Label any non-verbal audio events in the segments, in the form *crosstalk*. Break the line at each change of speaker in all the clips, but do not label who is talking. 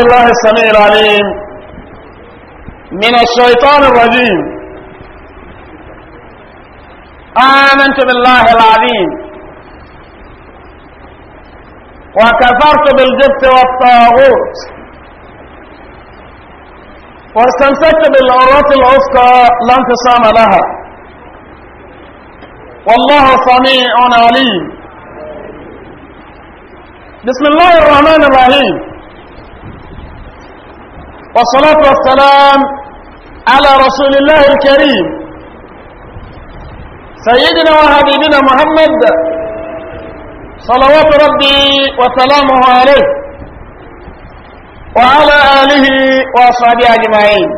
الله السميع العليم من الشيطان الرجيم آمنت بالله العظيم وكفرت بالجبت والطاغوت واستمسكت بالعروة الوسطى لا انفصام لها والله سميع عليم بسم الله الرحمن الرحيم والصلاة والسلام على رسول الله الكريم سيدنا وحبيبنا محمد صلوات ربي وسلامه عليه وعلى آله وأصحابه أجمعين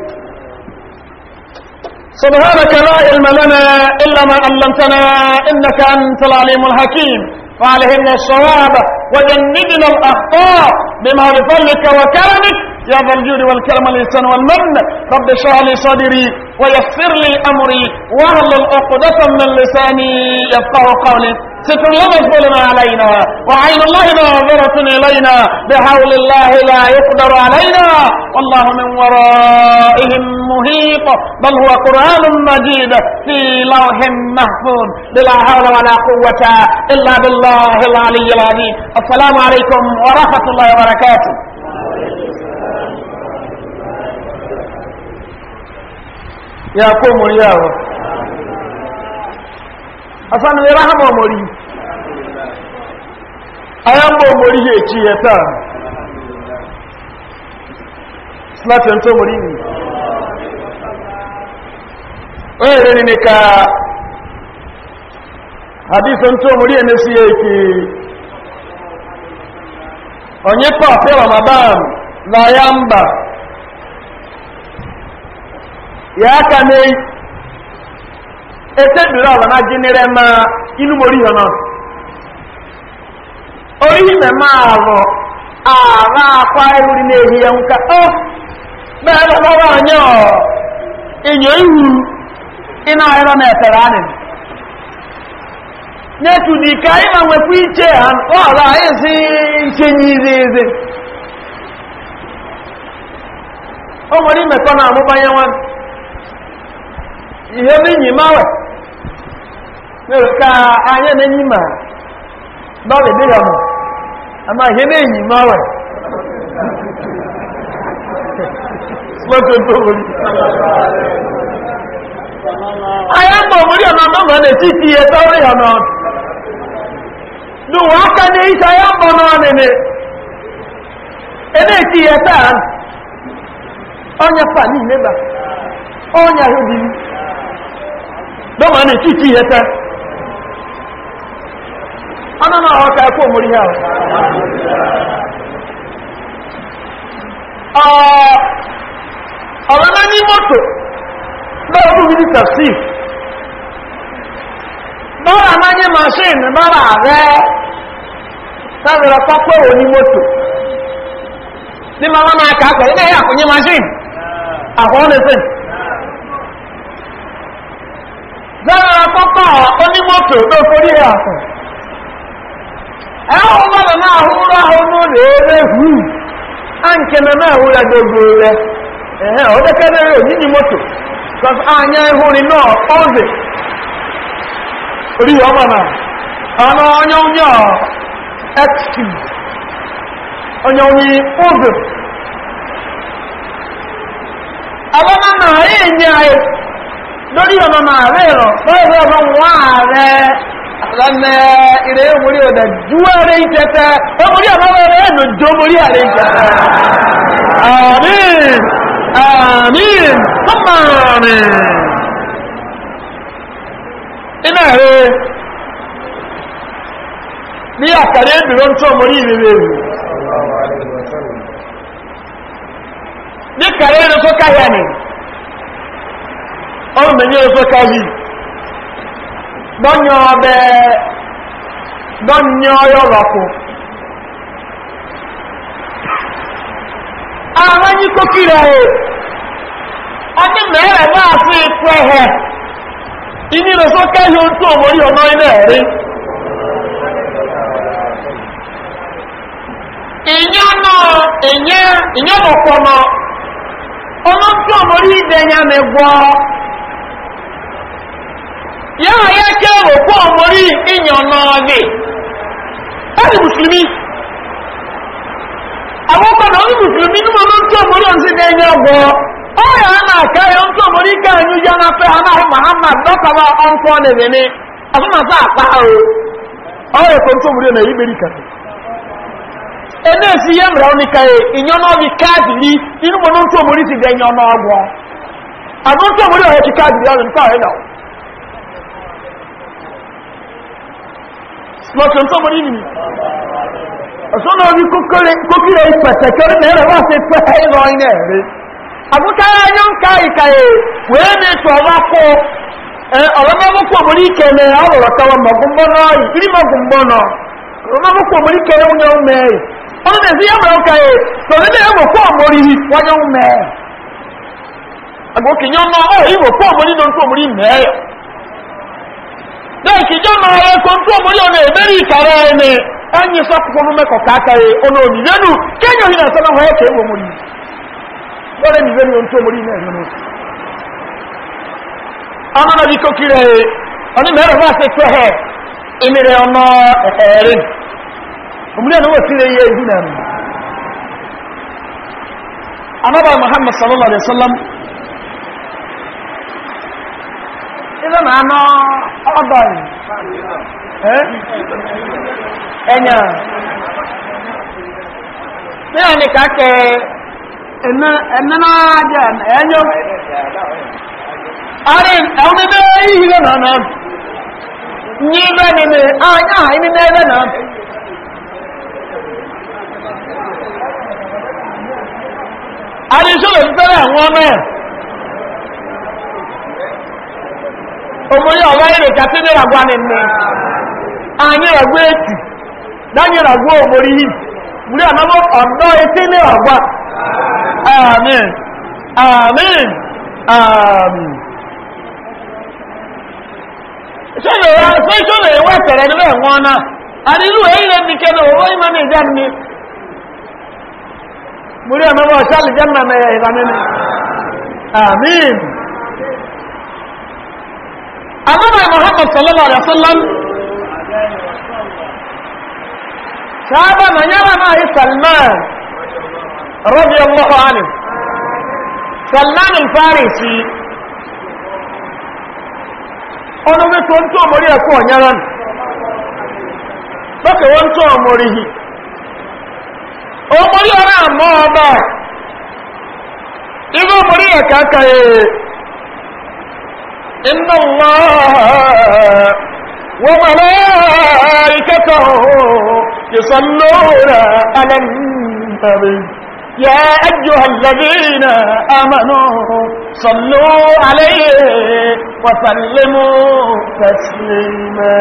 سبحانك لا علم لنا إلا ما علمتنا إنك أنت العليم الحكيم فعليهن الصواب وجنبنا الأخطاء بما بفضلك وكرمك يا ذا الجود والكرم والإحسان والمن رب اشرح لي صدري ويسر لي أمري واهلل عقدة من لساني يفقه قولي ستر لنا ظلم علينا وعين الله ناظرة إلينا بحول الله لا يقدر علينا والله من ورائهم محيط بل هو قرآن مجيد في لوح محفوظ بلا حول ولا قوة إلا بالله العلي العظيم السلام عليكم ورحمة الله وبركاته ya ko muri yawo afan le rahama mori ayan bo muri ye ci ya ta slatin to muri ni o yere ni ka hadisan to muri ne si yake onye pa pe ramadan la yamba ya aka ẹsẹ̀bìrì ọ̀rọ̀ náà jí nírẹ̀ máa inú morí yọ̀ náà orí ìmẹ̀ máa rọ̀ ààrá apá ewúrí ní èyí ẹ̀ ń ká ọ́ bẹ́ẹ̀ lọ lọ́wọ́ ọ̀nyẹ́ ọ̀ èyàn ihu iná ẹ̀rọ dị ka anyị iche ha ọrụ anyị si iche izi o nwere imekọ na-amụbanye nwanyị. ihe n'inyi mawe mere ka anya n'enyi ma n'ọdị dị ya mụ ama ihe n'enyi mawe anya mgbe omori ọnọ n'ọgọ n'etiti ihe tọrọ ya n'ọdụ n'ụwa aka n'ehicha e ya mbọ n'ọnịnị ena-eti ihe taa ọnya pa niile ba ọnya ahụ dịrị dọ́mà ní títí na ọ̀nà náà ọ̀ka ẹ̀kọ́ mórí hẹ́ ọ̀rọ̀ náà ní mọ́tò bẹ́ẹ̀ ọdún mi ní tẹ̀sí bọ́ọ̀rọ̀ náà ní mọ̀ṣíìnì bọ́ọ̀rọ̀ ààrẹ sábẹ̀rẹ̀ pápẹ́ wò ní mọ́tò ní na na efe. lára pápá onímọ́tò tó ahụ àtọ̀ ahụ nụlọ ebe húnra ọmọ rẹ̀ hù áǹkẹ̀lẹ̀ náà húnra gbogbo rẹ̀ ebe ọdẹ́kẹ́rẹ́ rẹ̀ nínú moto plus anya ìhúrin náà ọ́zẹ̀ orí ọmọ náà ọ̀nà ọ̀nyọ́ onye xc ọ̀nyọ́ onye ọ́zẹ̀ àwọn náà lórí ọmọ máa rẹ̀ rọ̀ lórí ọmọ wọn ààrẹ lọ́nà ìrẹ́ omori ọ̀dà júwẹ́rẹ́ ìtẹ́tẹ́ omori àmọ́wẹ́rẹ́ ẹ̀nà jó omori àrẹ ìtẹ́tẹ́ àmín àmín ní kàrẹ́ ìrẹ́kọ́ káyà nìí ọrụ menye ọzọ kaghị dọnyọ ọbẹ dọnyọ yọrọpụ amanyi kokiri ahụ ọdị mẹrẹ náà fi ikú ẹhẹ ìní ọzọ kaghị otu omori ọ̀nà ilẹ̀ rí ìyẹn ìyẹn ìyẹn náà ọmọ tí ya na ya òkú ọmọrí ìyàn náà rè ẹni mùsùlùmí àwọn ọkọ̀dọ̀ ní mùsùlùmí ní wọn ló ń na ọmọrí ọ̀sìn ní ẹ̀yìn ọgbọ̀ ó yà á nà kẹ́yọ muhammad o ó yẹ kó ń tó ọmọrí ọ̀nà yìí mérí kàtó ẹni èsì yẹ mìíràn ní kẹ́yẹ ìyàn náà lọ́tún tó mọ̀rí nìyí ọ̀sọ́nà orí kókílẹ̀ ìpẹ̀tẹ̀kẹ́rẹ́ mẹ́rẹ̀ wá sí pẹ́ ìlọ iná ẹ̀rẹ́ àbúkáyá yóò ń ká ìkàyè wèé ní ètò ọ̀rọ̀ kó ọ̀rọ̀ mẹ́mọ́kù òmòrí ìkẹlẹ̀ ọ̀rọ̀ tọwọ́ mọ̀gúnbọ́nà ìdírí mọ̀gúnbọ́nà ọ̀rọ̀ mẹ́mọ́kù òmòrí ìkẹlẹ̀ ń yọ mẹ́ẹ̀ ọ̀rọ̀ mẹ́sí yẹ́ mẹ́rẹ̀ ọ̀kàyè sọ̀rọ̀ ilé ẹ̀mọ̀ kó òmòrí wọ́n yọ mẹ́ẹ̀ àgbókè yọ mọ́ ọ̀ ìwò kó òmòrí lóńtó òmòrí mẹ́ẹ̀ dẹ́ẹ̀kì jẹ́ máa rẹ̀ kó ń tó mórí ọ̀nà ìmẹ́rí ìtàrà ẹni ẹni sọ́kùnkùn mẹ́kọ̀ káàkiri ọ̀nà òmìnirẹ́nu kéèyàn yìí nàìsọ́nà wọ́n ẹ̀kẹ́ ìwò mórí lọ́rẹ̀ ìmìnirẹ́nu ohun tó mórí náà nínú amọ́nà bí kókìrẹ́ ọ̀nà mẹ́rẹ̀ wá sí pẹ́ ẹ̀ ìmìnirẹ́ ọmọ ẹ̀ẹ̀rin òmìnirẹ́nu wọ́n ìlú náà ná ọ̀dọ̀ yìí ẹ̀yà ní ẹni kàkẹ́ ẹ̀nẹ́nà ajẹ́ ẹ̀yọ́ àárín ẹ̀wọ́n bẹ́ẹ̀ yìí ìlú náà náà ní ibẹ̀ nínú àyà ìní mẹ́rẹ̀ náà àrísọ́lọ̀ ń fẹ́rẹ̀ àwọn ọmọ ẹ̀ omori ọba ire kati ni ragwa ni nne anyị ragwa eti danyị ragwa omori yi wuri anabọ ọdọ eti ni ragwa amen amen amen ṣe yọrọ ṣe ṣe lè wẹ tẹrẹ nílẹ wọn náà àdínú èyí lè ní kẹlẹ owó ìmọ̀ ní ìjẹ́ mi múrí ẹ̀mọ́bọ̀ ṣáàlì jẹ́ mẹ́mẹ́ ìrànlẹ́ni amen annabi muhammad sallallahu alaihi wasallam sahaba na yara na yi salman radiyallahu anhu salman al-farisi ọdún bí tó ń tó mọ̀rí ẹ̀kọ́ ọ̀nyára nù lókè wọ́n tó mọ̀rí hì o mọ̀rí ọ̀rá àmọ́ ọba إن الله وملائكته يصلون على النبي يا أيها الذين آمنوا صلوا عليه وسلموا تسليما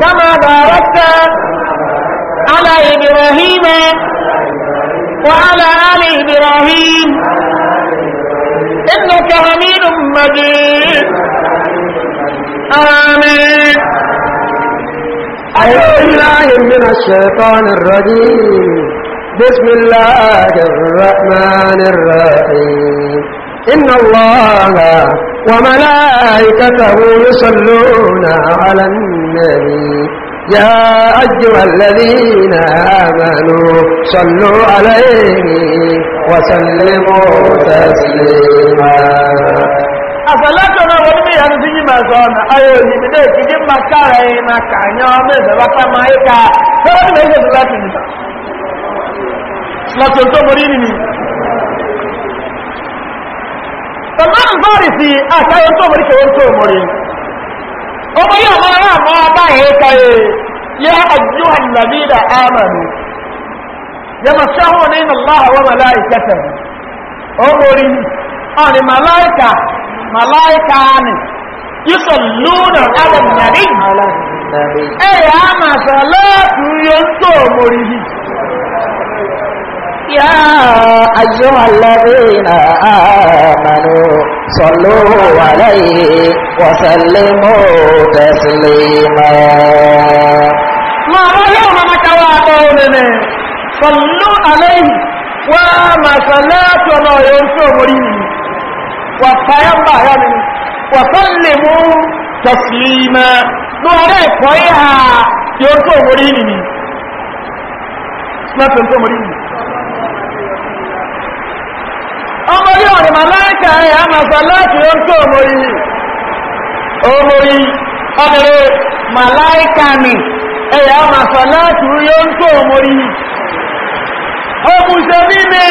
كما باركت على إبراهيم وعلى آل إبراهيم إنك حميد مجيد آمين أعوذ بالله من الشيطان الرجيم بسم الله الرحمن الرحيم إن الله وملائكته يصلون على النبي يا أيها الذين آمنوا صلوا عليه وسلموا تسليما asalatu na wani mai yanzu yi masu wani ayo ne da dai kijin makara yi na kanyo mai da wata ma'aika ta wani mai da zafin nisa. Slaton to bori salman farisi àtàyẹ tó mọ̀rí kẹwọ́n tó mọ̀rí ọmọ yóò mọ́ náà mọ́ bá yẹ káyẹ yẹ àjíwà nàbí da amànù yẹ mọ̀ sáwọn ní nàláhà wọ́n màláìkẹtẹ̀ ó mọ̀rí ọ̀nì màláìkà màláìkà ni yíṣọ̀
يا أيها الذين
آمنوا صلوا عليه وسلموا تسليما ما ما اليوم مكواتون صلوا عليه وما صلاتنا ينصرين وفيما يعني وسلموا تسليما نوري فيها ينصرين ما تنصرين ọmọ yìí ọ̀rẹ́ màláìkà ẹ̀ àmàṣà láti orúkọ ọmọ yìí ọmọ yìí ọ̀rẹ́ màláìkà ni ẹ̀ àmàṣà láti orúkọ ọmọ yìí ọmọṣẹ́ nílé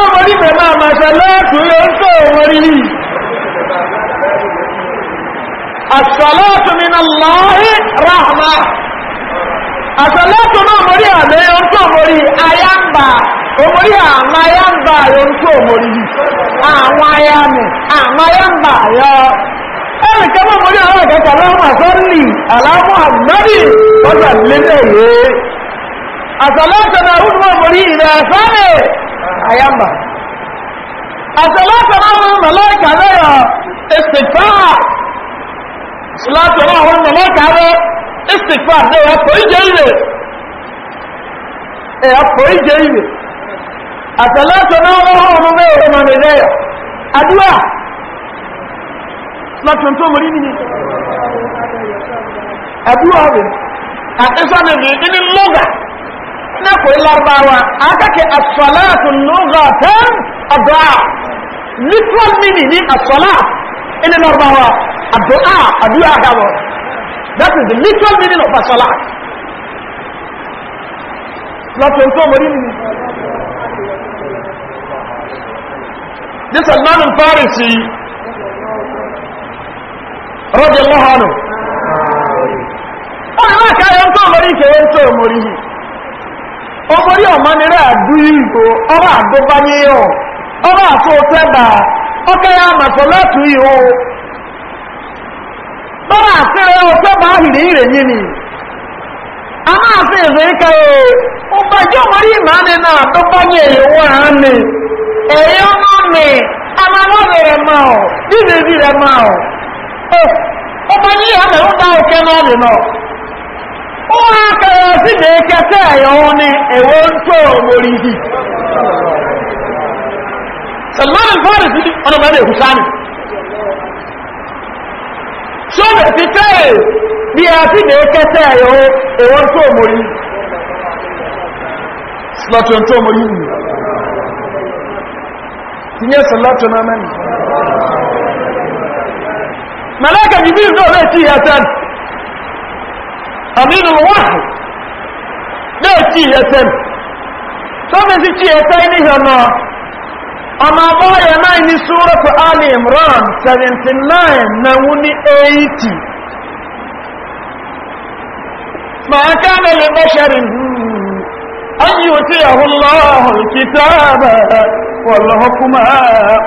ọmọ nílé máa màṣà láti orúkọ ọmọ yìí الصلاة من الله رحمة àsàlẹ́tò náà mọ̀rí àmì ẹ̀yọ́ tó mọ̀rí ayámbà omori àwọn ayámbà ẹ̀yọ́ tó mọ̀rí àwọn ayámi àwọn ayámbà ẹ̀yọ́ ẹ̀rì kẹ́mọ̀ mọ̀rí àwọn ìkẹta lọ́wọ́ àsọ́lì aláwọ̀ àmọ́rí ọjà lélẹ̀ yé àsàlẹ́tò náà rúdú mọ̀ mọ̀rí ilẹ̀ ẹ̀fọ́rẹ̀ ayámbà àsàlẹ́tò náà mọ̀ mọ̀lẹ́kà lẹ́yọ̀ ẹ̀sìtá istikfar ne ya koyi jeyire e ya koyi jeyire asalatu na ọhụrụ na ọhụrụ na mere ya aduwa na tuntun mori ni aduwa bi a isa ne bi ini loga na koyi larabawa aka ke asalatu loga tan aduwa literal meaning ni asalatu ini larabawa aduwa aduwa gabo That is the literal meaning of Asala. Lọ́tún tó mọ̀rí mi. Ní Salmanin Farisi, Rọ́jẹ̀ Ọmọrí ọmọ rẹ̀ àdú ìgbò, ní ọ̀, ọkẹ́ yá màtọ̀ ìhò bara asịrị ọjọ́ bá hìrì ìrẹ̀ yìí ni a máa fi ìrẹ̀ ìkà ẹ̀ ọgbàjọ́ orí ìmáni náà tó bọ́yẹ̀ ìwọ̀ àmì ẹ̀yẹ́ ọmọ mi amálọ́rẹ̀ rẹ̀ máa ọ̀ ọ rẹ̀ máa ya ọmọ ní àmì na bá nọ aka si sọ́nà ti tẹ́ẹ̀ bí a ti dẹ̀ kẹsẹ̀ ẹ̀yọ́ ẹ̀wọ́n tó mọ̀ yìí sọ́tún tó mọ̀ yìí ti yẹ́ sọ́lọ́tún náà mẹ́rin mẹ́lẹ́kà jìbí náà rẹ̀ tí yẹ́sẹ̀ àmínú wáhù náà tí yẹ́sẹ̀ sọ́nà ti ọmọ bọ́ọ̀yẹ̀ náà ní súrọ̀pù alimran 79 na wuni 80 ma ká mẹ́lẹ̀ bẹ́ṣẹ̀rin ayyò tí yàhùlọ́hùn kìtàbà wàlọ́hùkúmà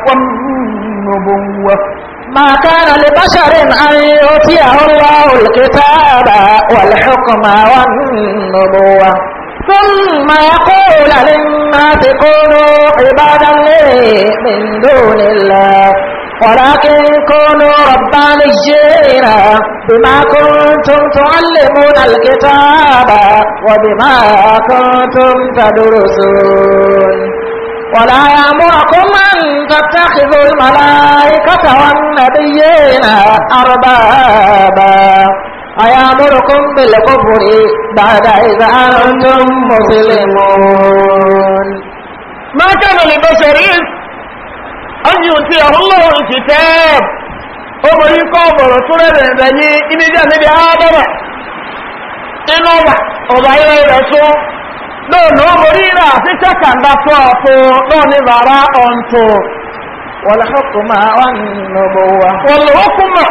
wàlúbùnwà ما كان لبشر أن يؤتيه الله الكتاب والحكم والنبوة ثم يقول للناس كونوا عبادا لي من دون الله ولكن كونوا ربانيين بما كنتم تعلمون الكتاب وبما كنتم تدرسون
ولا يأمركم
أن تتخذوا الملائكة والنبيين أربابا أيامركم بالكفر بعد إذا أنتم مسلمون ما كان لبشر أن يؤتيه الله الكتاب ọmọ yìí kọ́ ọ̀bọ̀rọ̀ tó rẹ̀rẹ̀ ẹ̀bẹ̀ ní inéjẹ́ níbi àádọ́rọ̀ inú ọba ọba ilẹ̀ rẹ̀ tó lóòrùn ó borí rà sí sẹ́kàndà tó ọ̀pọ̀ lóòrùn ìbára ọ̀ntò wọ̀lẹ̀hókùnmá wà nínú ọgbọ̀wà wọ̀lẹ̀hókùnmá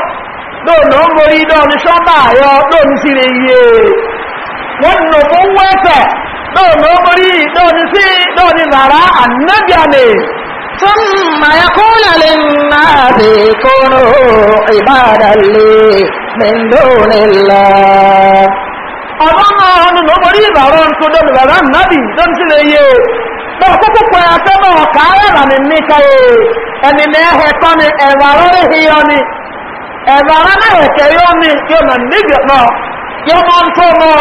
lóòlù ń borí lóòlù sọ́mà àyọ lóòlù sí rẹ̀ iye wọ́n nù fún wẹ́sẹ̀ lóòlù ń borí lóòlù sí lóòlù rárá ànábìàmì ثم يقول للناس كونوا عبادا لي من دون الله ọlọ́nà ọ̀nà lọ́gbọ̀rí ìbàrọ̀ tó dọ́nà bàbá nàbì dọ́n sí lè yé lọ́kọ́kọ́ pẹ̀ àtẹ́mọ̀ ọ̀kàárẹ̀ rà ní níkà ẹni lẹ́ẹ̀ẹ́ tọ́ni ẹ̀rọ rẹ̀ hìyọ́ ni ẹ̀rọ na yóò ní yọmọ níbi náà yọmọ ntọ́ náà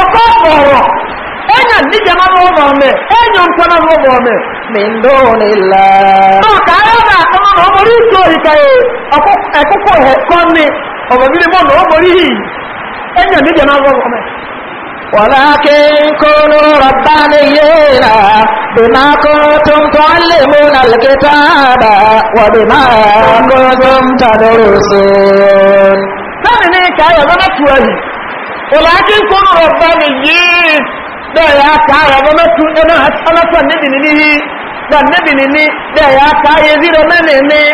ọkọ bọ̀rọ̀ ẹ̀yàn níjà máa mọ̀ ọmọ ẹ̀yàn ntọ́ náà mọ̀ ọmọ mi ń dó ní ilá. ẹ̀kọ́kọ́ ẹ̀kọ́ ولكن كونوا ربانيين بما كنتم تعلمون الكتاب وبما كنتم تدرسون سنني كايا بمتوي ولكن كونوا ربانيين دايا يا بمتوي انا انا فنبي نيني فنبي نيني دايا يا زيرو منيني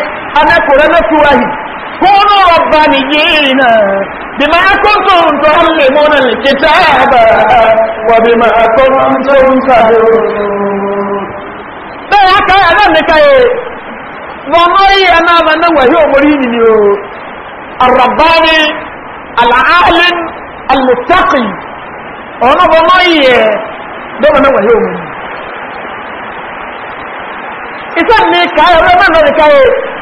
انا كورنا توي كونوا ربانيين بما كنتم تعلمون الكتاب وبما كنتم تدرون سيحكى أنك ومري أمام أنه هو مريني الرباني العالم المتقي أنا ومري دوما أنه هو مريني إذا نكاية ومن نكاية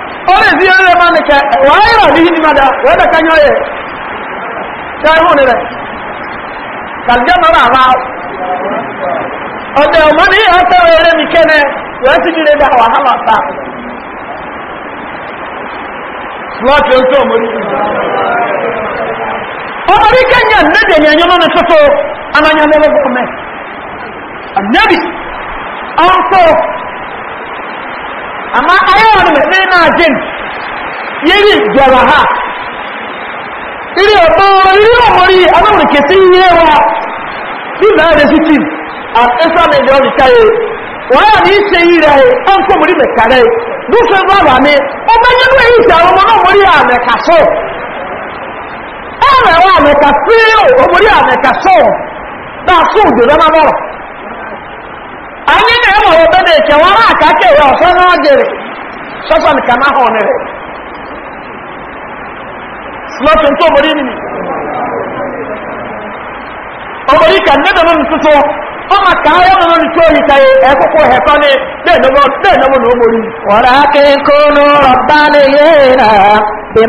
ọmọ èsì yẹn lè máa nìkẹ́ wà á yẹ̀rọ ní wee wọ́n dẹ̀ kányọ́ ihe ṣe ihun rẹ̀ kàlùjẹ́ náà rà máa ọ̀dẹ̀ ọmọ ní ọ̀tẹ̀ rẹ̀ mi kẹ́nẹ̀ wọ́n ti jí lẹ́dà wàhálà ta láti ọjọ́ ọmọ ní ọmọ ní na náà jìn yìí ha ilé ọ̀tọ́ ilé ọmọrí aláwòrìkẹ̀ sí ilé wa nígbà rẹ̀ sí tí àtẹ́sàmì ilẹ̀ wọ́n yà ní ṣe yìí rẹ̀ ọ́n tó mú rí mẹ̀kàrẹ́ lóṣẹ́ bàbá mi ó bẹ́ èyí àwọn ọmọ ọmọrí náà na e. náà sọ́sàn kàná hàn rẹ̀ slọ́tù tó borí nìyí ọmọdé kà nẹ́bẹ̀ lónìí tuntun ọmọ kàáyọ́ lọ lónìí tó yìí tàyè ẹ̀kọ́kọ́ ẹ̀kọ́ ní dẹ́ẹ̀nàmọ́ ní ọmọ yìí wọ́n akẹ́kọ̀ọ́ rọ̀bá lè ebi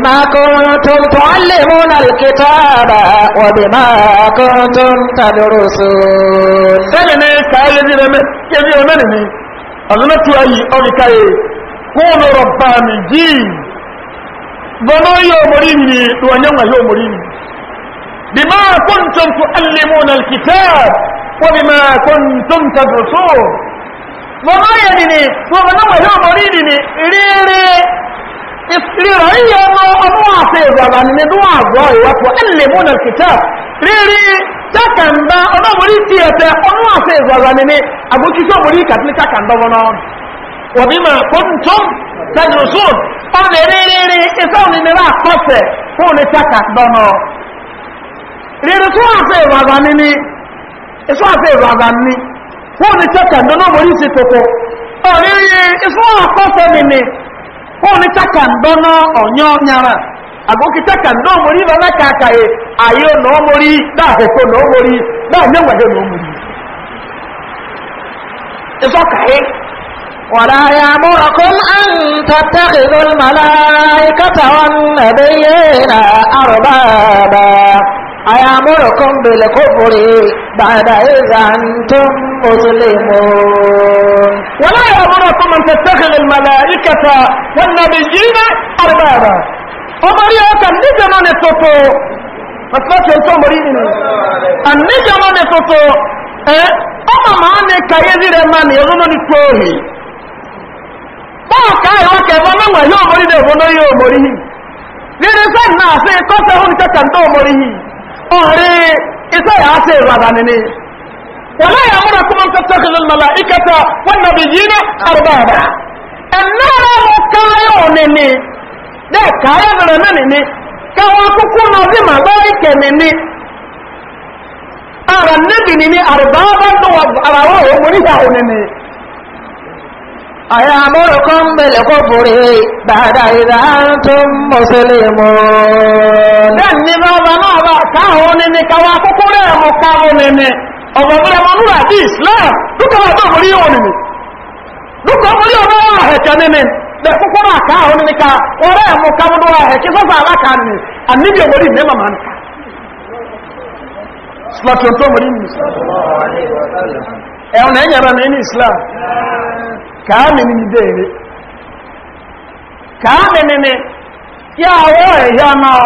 fóònù rọ̀bà mi jíì bọ́nà yóò mọ̀rí ni ìwọ̀nyẹ́wà yóò mọ̀rí ni bí máa kún tún tún alìmọ̀ na kìtẹ́ wọ́n bí máa kún tún tàbùsù bọ́nà yẹ ni ni ìwọ̀nyẹ́wà yóò mọ̀rí ni ni rírí rírọ̀ yíyọ ọmọ ọmọ àti ìrọ̀bà ni ní àgọ́ ìwọ̀pọ̀ alìmọ̀ na kìtẹ́ rírí tákàndá ọmọ mọ̀rí tiẹ̀tẹ̀ ma wàbímọ̀ kóntún tẹ̀lùsùn ọ̀nà rírírí iṣẹ́ òní ni wà kọ́sẹ̀ fún ní tẹ́kà dọ́nà rírí tún àṣẹ ìrọ̀gbà níní iṣẹ́ àṣẹ ìrọ̀gbà níní fún ní tẹ́kà dọ́nà mọ̀rí sí tòkó ọ̀rírí iṣẹ́ àkọ́sẹ̀ níní fún ní tẹ́kà dọ́nà ọ̀yọ́ nyara àgbókí tẹ́kà dọ́nà mọ̀rí bàbá kàkàyè ayé ọ̀nà ọmọrí dáàkókò ọ̀nà ọmọrí dáàmẹ́wàá ولا يأمركم أن تتخذوا الملائكة والنبيين أربابا أيأمركم بالكفر بعد إذ أنتم مسلمون ولا يأمركم أن تتخذوا الملائكة والنبيين أربابا أمري أكن نجمان السطو مسلاك يلتو مريني النجمان السطو إيه؟ أما ما أنك يزير من يظن التوهي bọ́ọ̀ ká ìwọ́ kẹfọ́ mọ́mọ̀ yóò mọ́rí ní òmò lórí òmòrí yìí rírí sẹ́ náà sí kọ́sẹ̀ hún kẹ́kẹ́ tó òmòrí yìí ọ̀rí iṣẹ́ yà á sí ìrọ̀dà nìní wọ́n yà mọ́rọ̀ kúmọ́ kẹ́kẹ́ kẹ́kẹ́ mọ́lá ìkẹta wọ́n nà bí yìí àrùbàbà ẹ̀nàrà mọ́ káyọ̀ nìní dẹ́ káyọ̀ أيامركم بالكفر بعد إذا أنتم مسلمون لأني بابا نوبا كاهوني نكوا كفره مكاهوني ọgbọ̀gbọ̀rẹ̀ mọ̀lúwà bí islam dúkọ̀wà tó mú rí òun ni dúkọ̀ mú rí ọmọ ọmọ ẹ̀kẹ́ nínú bẹ̀ kúkúrú àká òun ká ọ̀rẹ́ ẹ̀mú kábúdó ẹ̀kẹ́ sọ́fà aláka ni àníbi òmòrí ní màmá nìka slọ́tún tó mú rí ní islam ẹ̀hùn ẹ̀yẹ̀rọ ní islam kàámìnì ní bèèrè kàámìnì ni tí àwọ́ ẹ̀yọ́ náà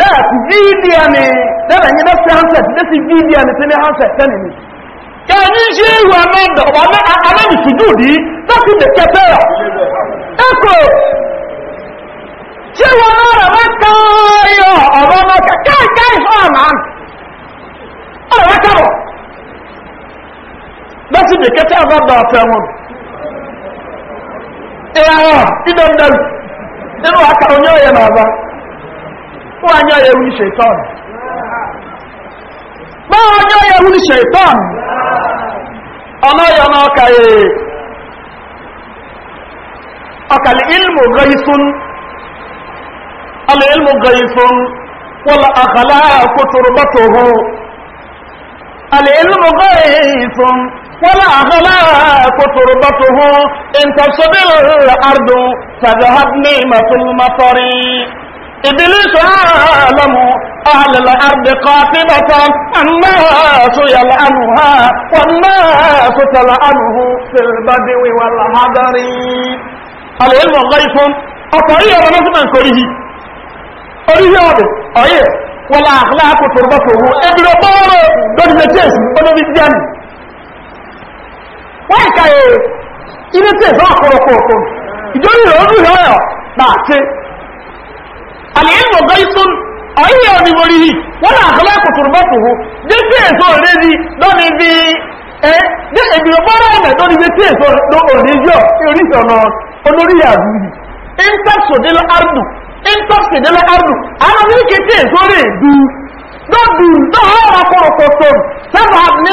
lẹ́ẹ̀kù fídíà ni lẹ́bẹ̀ ní lẹ́sí hanset lẹ́sí fídíà ni tí ní hanset tẹ́lì ni kẹ́ẹ̀ni ṣe ìwà mẹ́dọ̀ ọ̀bọ̀ amẹ́bì tùjú dì í lọ́sí lè kẹfẹ́ rọ̀ ẹ̀kọ́ ṣe wọn náà rẹ̀ wọ́n kọ́ ẹ̀yọ ọ̀bọ̀ náà kẹ́kẹ́ ìkẹ́ ìfọ́ àmà ọ̀rọ̀ wọ́n kọ́ lọ́sí lè ịghara idomdom dịrị aka onye onye aba nwaanyị onye wuri shaitan nwaanyị onye onye ọ shaitan ọnọghị ọnọka ee ọkàlị ilmu gaisun ọlụ ilmu gaisun wọlọ akala kuturbatuhu العلم غيث والأخلاق تربته إن تصب الأرض فذهب نيمه المطر إبليس عالم أهل الأرض قاطبة الناس يلعنها والناس تلعنه في البدو والحضر العلم غيث أطير من كره أريد ولا اخلاق تربته إبن بن جيش بن بن جسم wọ́n ìka yẹ ilé tí èso àkọ́rọ̀kọ́kọ́ ìjọ́rí rẹ̀ ojú rẹ̀ ọ̀yọ̀ náà ṣe àlèyìnbó gọ́ìsún ọ̀yẹ́ omi borí yìí wọ́n náà àkọ́lá ẹ̀kùtùrù bọ́ọ̀kù hù jẹ́ sí èso rẹ̀ ní lọ́ni bí ẹ́ jẹ́ ìbìrò bọ́ọ̀rọ̀ ọ̀nà tó ní jẹ́ sí èso òní yọ oríṣi ọ̀nà olórí yàrá yìí intoxidil ardu intoxidil ardu àwọn oníkè sí èso rẹ̀ dù lọ́dù lọ́wọ́ ọ̀rọ̀ kọ̀rọ̀kọ̀tọ̀ sábà ní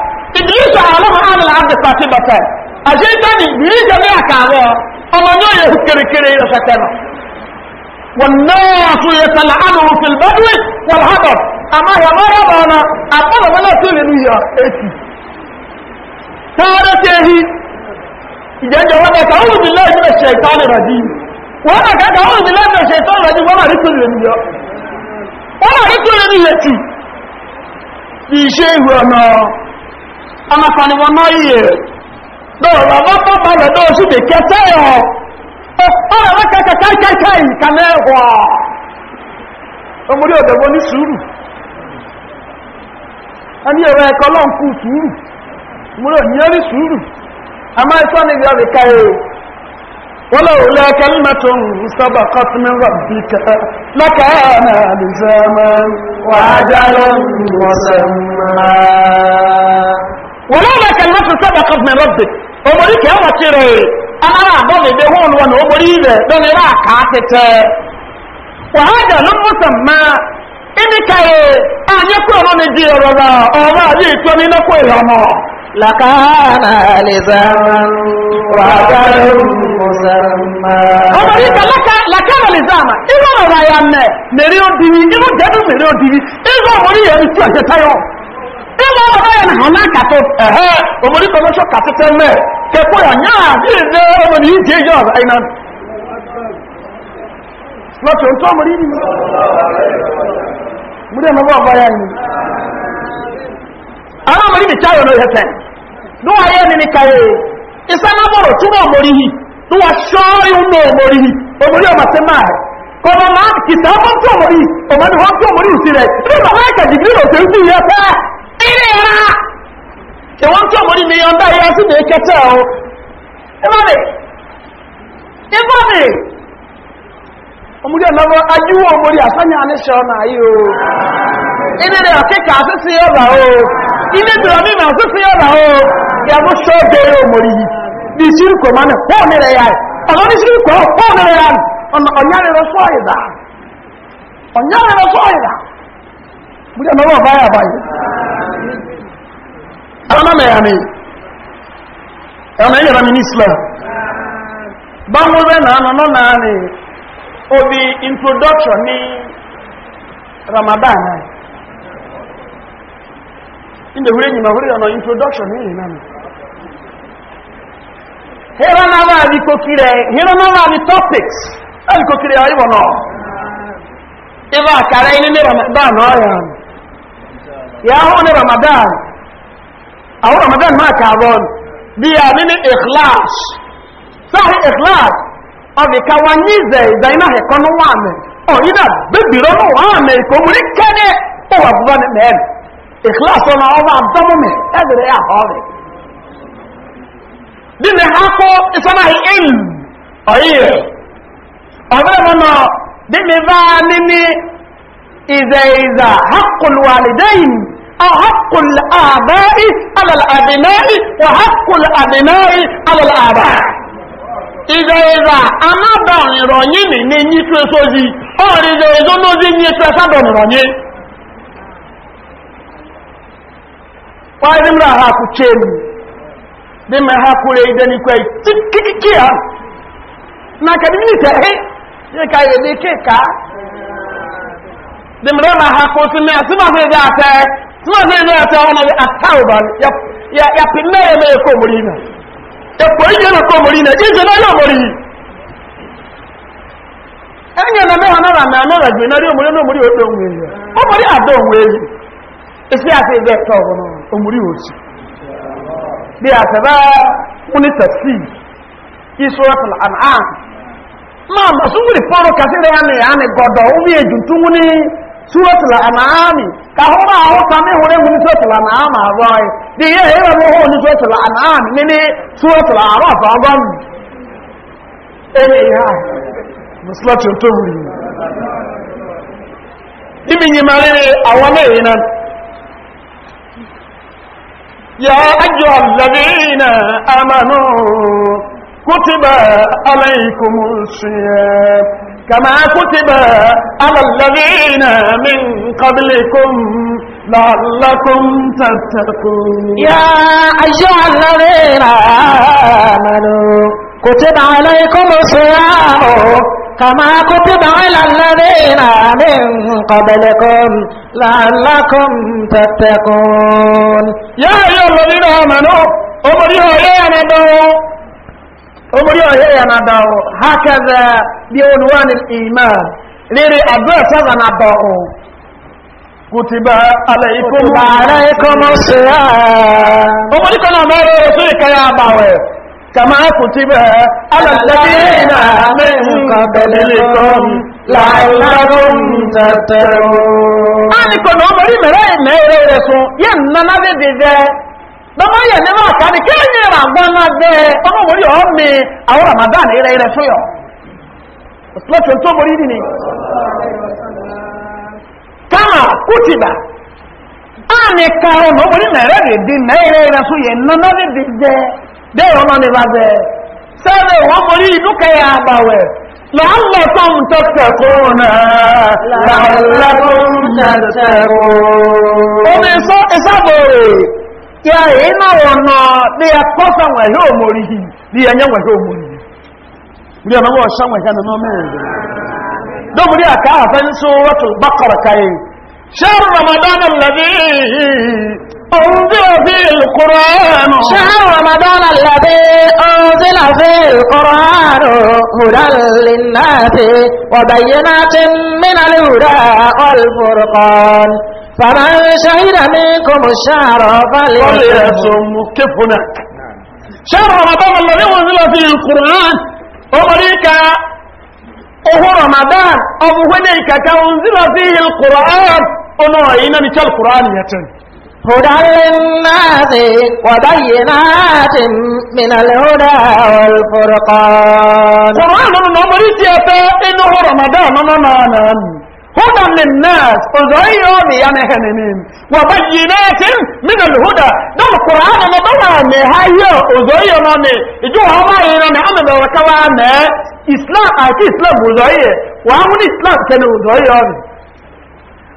ìbílísì àlọ́hà àmì láti pàtí bàtà àṣẹ ìtàní ìbílísì ní àkàwọ̀ ọmọ ní òye kèrèkèrè ìrọ̀sẹ̀kẹ̀ nà wọn náà tún yẹ sàlà àmì fìlbẹ́dùwì wọn hábọ̀ àmà yàmọ́ rọ̀bọ̀ ọ̀nà àpọ̀lọ̀ wọn náà tún lè ní ìyà ètì tààrẹ tẹ ehi ìjẹ́jẹ́ wọn bẹ̀ káwọn òbí lẹ́yìn ní ẹ̀ṣẹ̀ ìtàní rẹ̀dí wọn bẹ̀ káwọn òbí lẹ́yìn ní ẹ̀ṣẹ̀ ìtàní rẹ̀dí wọn àrí tún lè ní ìyà wọn àrí tún lè ní ìyà tì ìṣe ìwé ọ̀nà anafani wọn náà yìí dọ̀rọ̀ bàbá tó balẹ̀ dọ̀ sí ti kẹsẹ̀ ọ̀ ọ̀rọ̀ bá kẹkẹ kẹkẹ ìkànnì ẹ̀họ́ ọmọdé ọ̀dọ̀gbọ́ ní sùúrù ẹni ẹ̀rọ ẹ̀kọ́ lọ́n kú sùúrù ọmọdé òníyàn ní sùúrù àmọ́ ẹ̀kọ́ ní ìyá rẹ̀ ká ẹ̀ wọ́n lọ òun lẹ́ẹ̀kẹ́ nígbà tó ولولا كلمة سبقت من ربك أمريك يا وطيري أنا لا أبغي بهون وأنا أمريك دون لا كاتت وهذا المسمى إني كاي أن يكون من دير الله أو ما جئت من كل ما لكان لزاما وأجل مسمى أمريك لك لكان لزاما إذا رأينا مريون ديني إذا جدو مريون ديني إذا مريون ديني ịmụ ọmụ ya na hana katị ehe omori kọmishọ katịtị mme kekwe ya nya dị eze ọmụ na ije ihe ọzọ anyị nan lọtụ ntụ ọmụ iri mụrụ ya mọba ọba ya ni ara ọmụ iri chayo na ihe duwa ya ni nika ya e, isa na bọrọ tụrụ ọmụ iri duwa shọọ ihu na ọmụ iri omori ọmụ sị maa kọmọ maa kìtà ọmọ ntụ ọmọ iri ọmọ ni wọn bàbá ẹkẹ jìgìrì òsè ń tì ilé ẹ̀rá ìwọ́n tó mọ̀ ní mi yọ̀ndá ìyá ní kẹtẹ́ ọ̀ ìbọ̀dì ìbọ̀dì ọmọdé ọlọ́wọ́ ajúwọ̀ ọmọdé àsányà aníṣẹ́ ọ̀nà ayé o ilé rẹ̀ ọ̀kẹ́kẹ́ àṣíṣe ọ̀rà o ilé bẹ̀rẹ̀ ọdún náà àṣíṣe ọ̀rà o ìyàwó ṣọ́ọ̀dẹ̀ ọmọdé yìí bí ìṣirùkọ̀ máa nà fóònù ana na yani ana yana min islam bango be na no no na ni obi introduction ni ramadan inde hure ni ma hure no introduction ni na hera na ba di kokire hera na ba di topics al kokire ayi bono iba kare ni ni ramadan no ya ya ho ni ramadan أو رمضان ما كابون بيا من إخلاص صحي إخلاص أو كواني زي زي ما هيكون وامن أو إذا ببيرون وامن كمري كده او افضان من إخلاص أنا أوضع دمومي أدري يا حالي دين حقو إسمه علم أيه او ما دين ذا مني إذا إذا حق الوالدين أحق الآباء على الأبناء وحق الأبناء على الآباء ìzẹ̀ ìzà amábàrin ìrọ̀yìn mi ní yí tí ó sózi ọ̀rìn ìzẹ̀ ìzó ló dí ní ẹsẹ̀ sábọ̀n ìrọ̀yìn wáyé mìíràn àhà kù chéèmù bí mẹ́ ha kú rẹ̀ ìdẹ́ nípa ìtí kíkíkí à na kàbí ní ìtẹ̀hí ní ká ìrẹ̀lẹ́ kéèkà bí mìíràn àhà kù sí mẹ́ àtúbàfẹ́ ìdẹ́ àtẹ́ Mwazi ina ya tawa na atauba ya ya pinaya e na yako mulina. Ya poije na ko mulina, ije na yo muli. Enya na meha na na na na gbe na yo mulina muli odo nwe. O muli ado nwe. Isi ase ze tawa na o muli oti. Bi asaba kuni tafsir. Isurat al-an'am. Ma ma sunguri poro kasire ya ya gọdọ ejuntu surat al-an'am ka hora aho kame hore mun surat al-an'am awai de ye he wa ho ni surat al-an'am ni ni surat al-araf awan ele ya muslat to wuri imi na ya كتب عليكم الصيام كما كتب على الذين من قبلكم لعلكم تتقون يا أيها الذين آمنوا كتب عليكم الصيام كما كتب على الذين من قبلكم لعلكم تتقون يا أيها الذين آمنوا أمر يا مدعو omori ọhịa ya na dọrọ ha kaza Dị iman rere Abụọ ya na dọrọ kutiba alaikum kutiba alaikum ọsịa omori na mọrọ osu ka ya agbanwe kama kutiba alalabina min kabelikum la'allakum tattaru ani kọ na mere ya bàbá yẹn ní máa kàní kí ẹ̀yìn rà gbọ́nà gbé ọmọ òmòrí ọ̀mí àwọn ramadan rẹ̀ rẹ̀ fún yọ ọ̀sùlọ́tún tó borí nìní káà kútìbà á ní kàrọ ní òmòrí mẹ́rẹ́ rẹ̀ di mẹ́rẹ́ rẹ̀ fún yẹn nánà rẹ̀ di jẹ́ bẹ́ẹ̀ ọmọ mi bá jẹ́ sẹ́rẹ̀ wọ́n borí inú kẹyà àbàwẹ̀ لعلكم تتقون لعلكم تتقون ومن صوت صبري ya ina wono de akosa wa he omori hi de anya wa he omori hi muri ama wa sha wa he no me do muri aka ha fan suratul baqara kai شهر رمضان الذي أنزل فيه القرآن شهر رمضان الذي أنزل فيه القرآن هدى للناس وبينات من الهدى والفرقان فمن شهد منكم الشهر فليصم كفنك شهر رمضان الذي انزل فيه القران امريكا وهو رمضان ابو هنيك انزل فيه القران ونوعين من القران يتن هدى للناس وبينات من الهدى والفرقان قران امريكا انه رمضان نانا هدى للناس أزيون يعني هنمين وبينات من الهدى ده القرآن آه، آه، ما طبعا نهاية أزيون يعني يجو هما يعني أنا بوكوا عنا إسلام أكي إسلام أزيون وهم الإسلام كانوا أزيون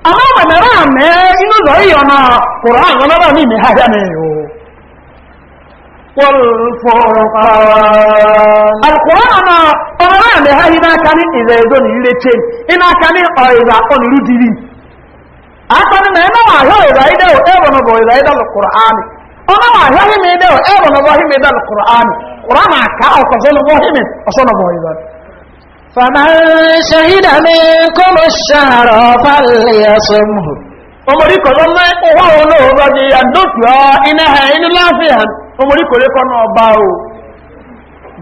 أما ما نرى أنا إنه أزيون القرآن ما نرى مين نهاية نهاية والفرقان القرآن أنا a amị ha ihe n'aka ịza ezo na ire chen ị n'aka ni ọrịza ọnụrụ diri akpani na ị ahịa ebe na ọịza ide na kụrụ anị ọna wa ahịa ọhịa ide ebe na kụrụ anị kụrụ aka ọsọ na omori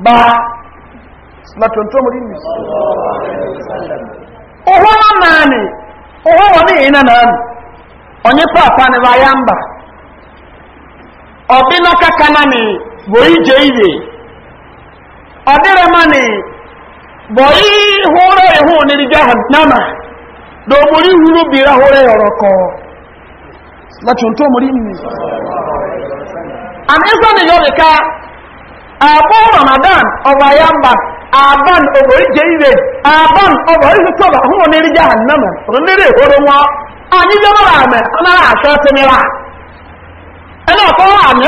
o na matonto muri ni oho nani oho woni ina nani onye papa ne bayamba obino kakana ni boije iye odere mani boyi hore ihu ni jahannama do muri huru bira hore yoroko matonto muri ni ameza ni yoreka abo ramadan obayamba aban obori jeibe aban obori lutoba hun oniri nwa. Anyị wa ame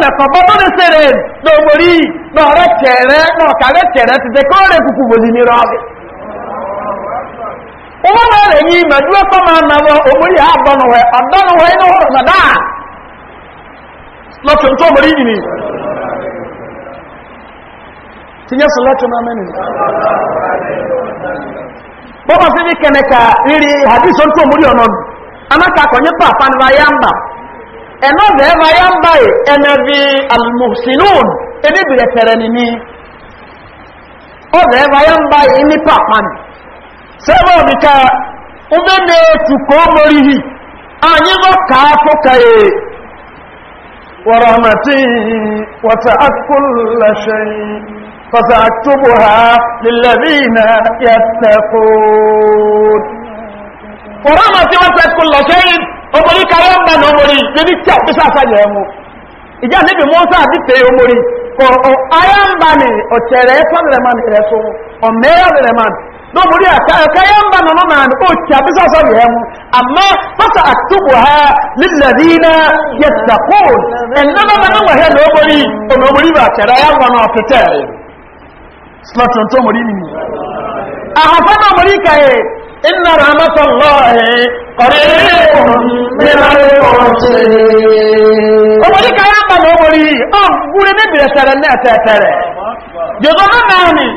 na ko bodo ni sere do obori do n'obodo tere do ka re tere ti de ko re kuku bo ni mira abi owó náà lọ́tọ̀ tó mọ̀rí yìí ni tí yẹ́ sọ́lọ́tọ̀ máa mẹ́rin bọ́bọ̀ sí ní kẹ̀mẹ̀kà rírí hadison tó mọ̀rí ọ̀nà amákàkọ̀ ní pàpá ní vayamba ẹ̀nà bẹ̀ vayamba ẹnẹ́bí almusinun ẹnẹ́bìrẹ̀ fẹ̀rẹ̀ ni ní ọ̀bẹ̀ vayamba ní pàpá ní sẹ́wọ̀ nìka ó bẹ́ẹ̀ ní tukọ̀ mọ̀rí yìí àyíkọ̀ ورحمتي وسعت كل شيء فسأكتبها للذين يتقون ورحمتي وسعت كل شيء ọmọrí kàrọ ń bá ní ọmọrí níbi tí àpísà sáyẹ̀ ẹ̀mú ìjá níbi mọ́sá àdíte ọmọrí ọ̀rọ̀ ayá ń bá ní ọ̀tẹ̀rẹ̀ ẹ̀fọ́n rẹ̀ máa ní ẹ̀rẹ́sùn ọ̀mẹ́rẹ́ rẹ̀ máa lóòmùrí àkáyẹ́ ń bá nàmọ́ màá ní òkè àbísọ́sọ́ yẹ̀ mú àmọ́ pátá àtúbù ha lílẹ̀rí iná yẹ̀tàkó ẹ̀nàmọ́ màá wà hẹ́ lóòmùrí òmùrí bà kẹ̀rẹ̀ yà wọn ọ̀fẹ́tẹ̀ slọ́tún tó mùrí nìyí àhàfẹ́ náà mùrí kàyé iná ràmọ́tọ̀ lọ́ọ̀hẹ́ kọ̀rẹ́ òmùrí kàyé àbàmọ́ òmùrí ọ̀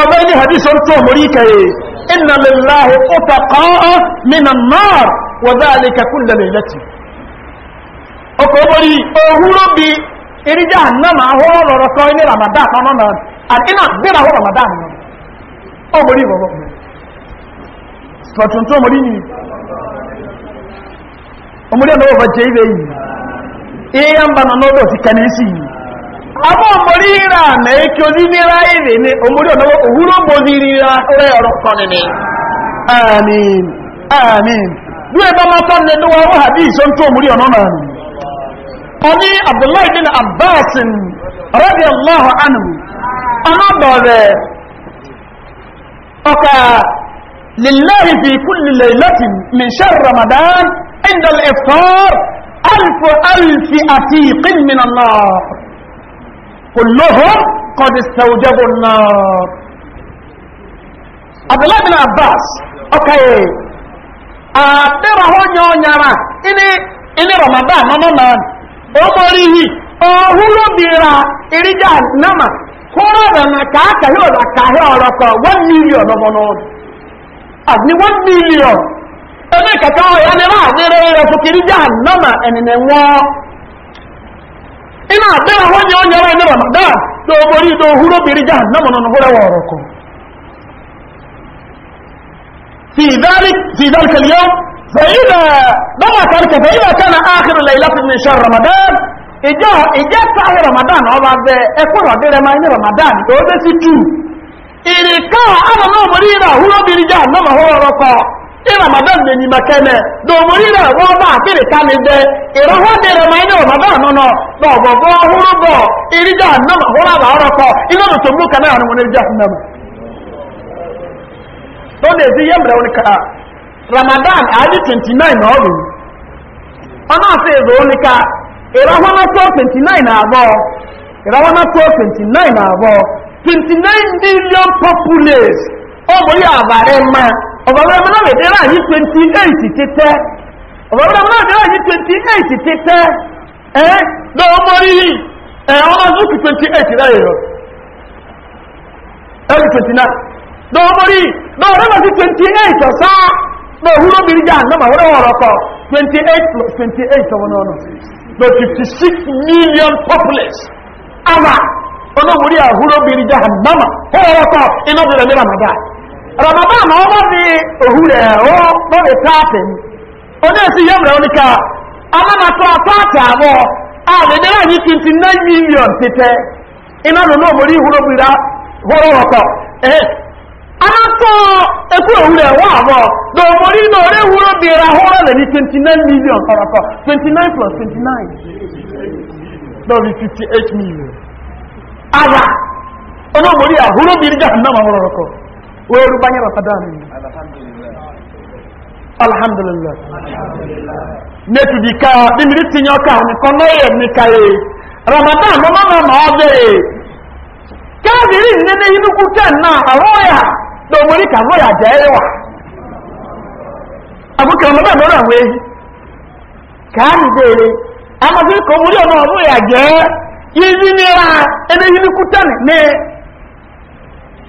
ọ̀rọ̀ ní hadith ọ̀n tó mọ̀rí kẹrẹ iná lèláhì ó tàkọ́ nínà náà wọ̀dá alẹ́kẹ̀kún lẹ́lẹ́lẹ́tì ọkọ̀ mọ̀rí òhúrò bí iríjà náà ahọ́rọ̀ kọ́ ramadan náà náà àti iná ramadan náà àmọ́ òmòrí ìrà mẹ́ẹ̀kì onínira ìrì ni òmòrí ọ̀nà òwúrò mòzìrì rẹ̀ ọ̀rọ̀ sọ́ni ni amin amin bí ẹ bá máa sọ́ni ní wọ́n wà bí ìṣọ́ tó òmòrí ọ̀nà náà ni wọ́n ní abdullahi bin abbas radi allahu anhu ọmọ bọ̀rẹ̀ ọkà lillahi fi kulli laylatin min shar ramadan inda al-iftar alfu alfi atiqin min allah كلهم قد استوجبوا النار عبد الله بن عباس اوكي ادرا هو نيونيرا اني اني رمضان ما ما اومريه اوهورو بيرا اريجا نما kọ́rọ̀ ọ̀nà 1 million 1 ina abẹ́rẹ́ wọ́n yẹ ọ́nyẹ́ wọ́n ní ramadan tó o borí ìdó ohun obìnrin jà náà mọ̀nà nùhúrẹ́ wọ̀ ọ̀rọ̀ kan في ذلك اليوم فإذا بما ترك فإذا كان آخر ليلة من شهر رمضان إجا إجا في رمضان أو بعد أكبر عبد ما إن رمضان أو بس تو إذا كان أنا ما بريدا هو بريدا نما هو رقا ní ramadan lè ní makẹ́mẹ́ dòmò rírà wọ́n bá àfírí kánì jẹ́ ìrọ́wọ́ dẹ̀rẹ̀ máa ní ramadan nínú bọ̀bọ̀bọ̀ ọhúrú bọ̀ ìrídà náà wọ́n bá ọ̀rọ̀ kọ iná lòtò mú kan náà wọn ramadan 29 ọ̀rùn ọmọ 29 29 29 million populace ọ̀bọ̀bọ̀ ọmọ náà mẹ́tẹ́rà yí 28 títẹ́ ọ̀bọ̀bọ̀ ọmọ náà mẹ́tẹ́rà yí 28 títẹ́ ẹ́ lọ́wọ́ mọ́rí ẹ̀ ọmọ zúkì 28 láyé rọ ẹ̀rù 29 lọ́wọ́ mọ́rí lọ́wọ́ rẹ̀ sí 28 ọ̀sá lọ́wọ́ húrò bìrì jà náà wọ́n wọ́n rọ̀kọ̀ 28 plus 28 ọwọ́ náà lọ 56 million populace ama ọlọ́mọrí àhúrò bìrì jà náà wọ́n rọ̀kọ̀ iná bìrì rẹ̀ ramadan ọmọ ni òhúrẹ̀ ẹ̀họ́ lórí táàpìn oní èsì yẹ́mùrẹ̀ oníkà amámatọ́ àtàtà àwọ̀ àmìnira ní twenty nine million títẹ́ iná hụrụ òmòrí ìhúrò bìrá hóró ọ̀tọ̀ amátọ́ ekú òhúrẹ̀ ẹ̀họ́ àwọ̀ lòmòrí iná twenty nine million twenty nine plus twenty nine n'obi fifty eight million ọkọ. wọ́n rubanya yẹ́ rọ̀fàdá mi alhamdulillah nẹ́tù di ká bímìrí ti yàn ká ramadan mọ́ ma ọ́ bẹ̀rẹ̀ káàbìrì nínú inú kúkẹ́ náà àwọn ọ̀yà lòmórí ọrụ yà jẹ́ ẹ̀wà àbúkẹ́ ramadan lọ́rọ̀ àwọn èyí káàbì bẹ̀rẹ̀ amadu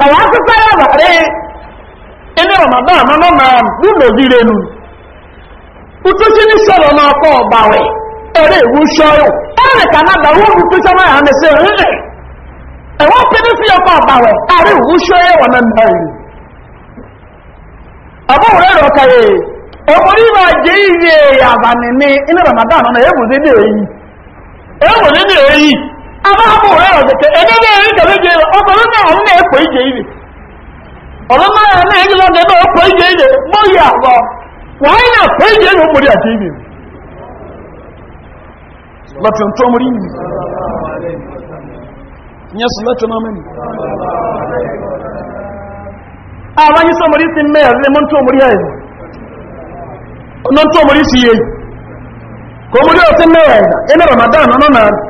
kàwá sísá ya rẹ̀ ilé ọ̀màdá àmọ́nà máa nílò líle nù utu sí ní sọ̀rọ̀ náà kọ́ ọ̀bàwẹ̀ ẹ̀rẹ́ wọn náà rí àbọ̀wọ̀rẹ́ rọ̀ kàyè ọmọdé bá jẹ́ ìrẹ́ àbànìní ababu rẹ ọdẹkẹ ẹdẹbẹ yẹn kẹfẹ jẹ ọkọlọ náà ọmọ náà ẹkọ ìjẹ ìdè ọlọmọ náà na ẹjọ náà ẹbẹ ọkọ ìjẹ ìdè mọ yẹ àgbà wọn yẹn náà ẹkọ ìjẹ ìdè ọmọdé àti ìdè lọtọ ntọ ọmọdé yìí nyẹ sọ lọtọ náà mẹni. àwọn sọ ramadan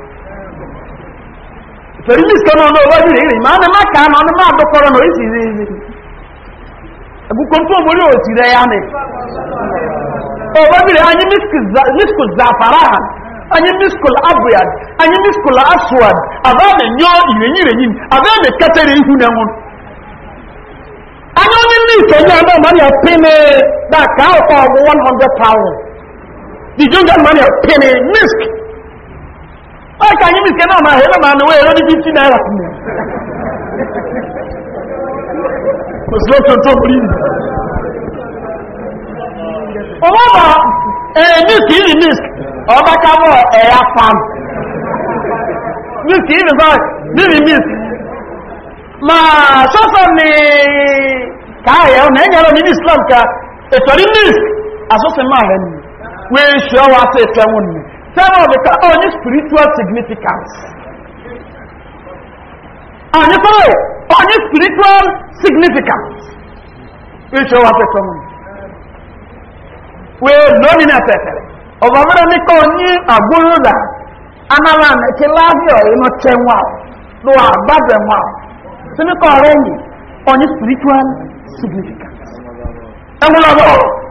felix ọmọ ọmọ ọwọ́ ìrìn ìrìn máa ní má kàá náà ní máa dọ́kọ́rọ̀ náà ìsì ìrìn ìrìn ẹ̀gùkọ́ tó mórí òtì rẹ̀ yá ni ọwọ́ ìrìn anyi miskul zafarahan anyi miskul abuyad anyi miskul aswad abáàmì nyọ́ ìrìn ìrìn yìí abáàmì kẹtẹrẹ ihu na wọn anyọ́ ní ní ìtọ́jú ọmọ ọmọ ni ọ̀pínì dáa kàá ọkọ̀ ọgbọ̀ 100 pounds ìjọ́ ọmọ ni ọ̀pínì misk ọ ka anyị miske na ọma ahịrị ma anụ wee rọrọ ibi isi naira kwesịrị otu ntọ buru ibu ọma ma ee misk iri misk ọbaka bụ ẹya fam misk iri sọ iri misk ma sọsọ ni ka ahịa na enyere m islam ka ịtọrị misk asụsị ma ahịa ni wee shụọ wa asị ịtọ enwu nne Some of only spiritual significance. Only sorry, only spiritual significance. We show up at a second. Of a man, they call you a guru that. a kilavio, you know, ten wow. No, bad wow. So, call spiritual significance. And we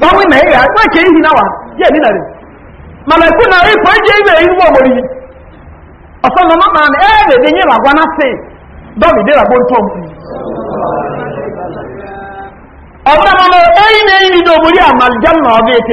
báwọn ilẹ̀ ìyá wọ́n kè é yìí náà wà yẹ́ nínà rẹ̀ màlẹ̀kú náà rí pọ̀ ẹjẹ́ ilẹ̀ ìlú wọ̀ wọ̀nyí ọ̀sán náà máa ní ẹ̀ẹ́dẹ̀ dẹ̀ yín làgbá náà sí dọ́ọ̀bì dé làgbó tó mú. ọ̀sán náà lọ ẹ̀yìn náà yìí ní omori àmàlìjánà ọ̀dọ̀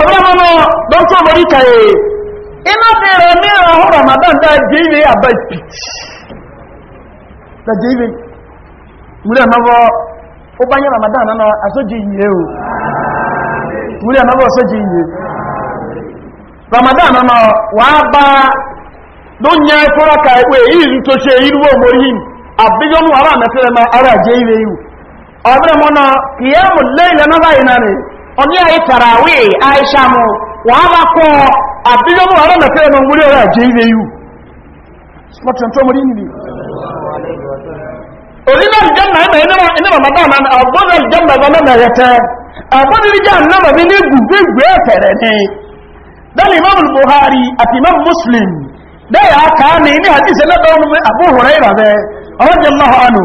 ọ̀rẹ́ wọn náà dọ́tọ̀ mọ̀rí kàyè iná fi rẹ̀ ọhụrụ ọ̀hún ramadan dá jẹ́ àbá ìpìtì dá jẹ́ ilé ó bá yẹ́ ramadan náà iye o wúlẹ̀ mọ́bọ́ sójì iye ramadan náà wà bá ló ń yẹ ka tó ṣe àbíjọ́mù mẹ́fẹ́rẹ́ náà jẹ́ yìí ọ̀rẹ́ kìí ọ̀ní ayé tàràwé àìṣà mú wọ́n bá kọ́ àbílọ́mù àwọn mẹ́fẹ́ ẹnu múlé ọ̀rọ̀ àjẹ́ ilé yìí smọ́tún tó múrí nìlì orílẹ̀ ìjẹ́mà ẹ̀mà ni dẹ́lì imam buhari imam muslim abu hurairah rẹ̀ ọ̀rọ̀ jẹ́ lọ́hánù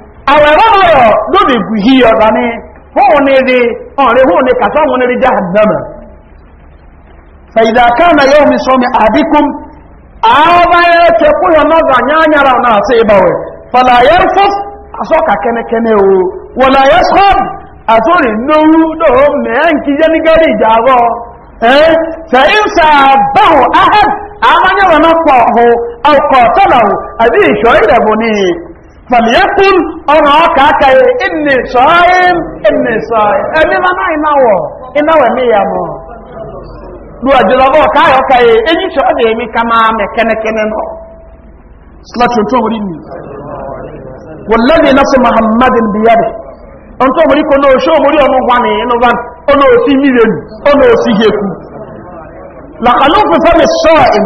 àwẹ̀rọ̀rọ̀ lórí gùhí ọ̀dọ̀ ni fún ní rí ọ̀rẹ́ hún ní kàtọ́ wọn rí jáhàdánà fàìdàkánà yóò mi sọmi àdíkún àwáyé kẹkúrò náà nyányára náà sí ìbáwẹ̀ fàlàyé fún asọ́kà kẹ́nẹ́kẹ́nẹ́ o wọ̀láyé sọ́m àtúrì lóhú lóhó mẹ́ẹ̀n kí yẹ́ nígẹ́rì ìjàrọ̀ ẹ́ sẹ́yìn sàbáhùn ahẹ́d àwọn yẹ́wọ̀n náà pọ̀ ọ̀hún ọkọ̀ tọ́lá فليقل أنا كاكاي إني صائم إني صائم أمي ما ناي ناو إنا ومي يا مو دو أجل الله كاي كاي إني صائم إني كما مكنا كنا نو صلاة يوتو وريني والذي نفس محمد بيده أنتو وري كنا شو وري أنو واني أنو وان أنو سيميلن أنو سيهكو لخلوف فم الصائم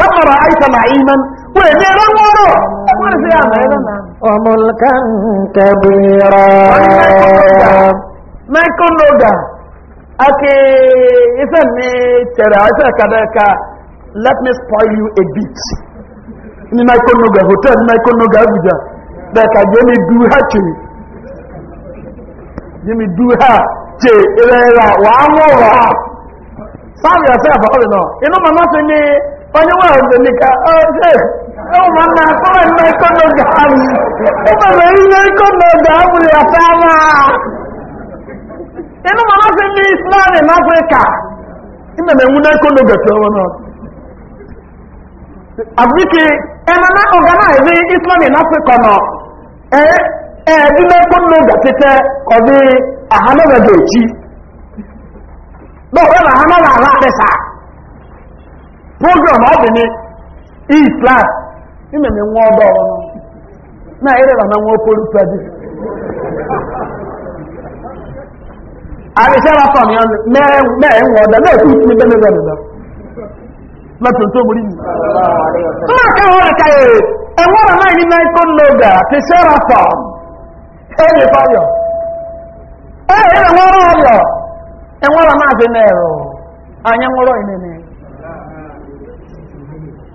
كما رأيت نعيما ونرى ورى وملكا كبيرا ما يكون نودا أكي إذا ترى إذا كذاك let me spoil you a bit ni ma ikon noga hotel ni ma ikon noga abuja daga jemi duha ce jemi duha ce irera wa an wọ́wọ́ ha sáàrì àṣẹ àbáwọ̀ nọ. inú màmá fi ní onye nwaanyị dị ka ọjọọ oh, ụmụ nna akọrọ nne kondo gaarị ụmụ nna ihe kondo oh, gaarị ya sama inú mama sí ní islam in africa ìmẹ̀mẹ̀ ń wúlé kondo gẹ̀tẹ̀ wọn náà àbíkí islam in africa nọ e, e na program ọ dị ni islam imeme nwa ọdọ ọrụ na ịrịba na nwa okporo tradition àríṣẹ́ra fàmì ọ̀nà na wọ̀n e na náà tún ní bẹ́ẹ̀ mẹ́rin ọ̀dá lọ́tún tó borí mi. ka na a,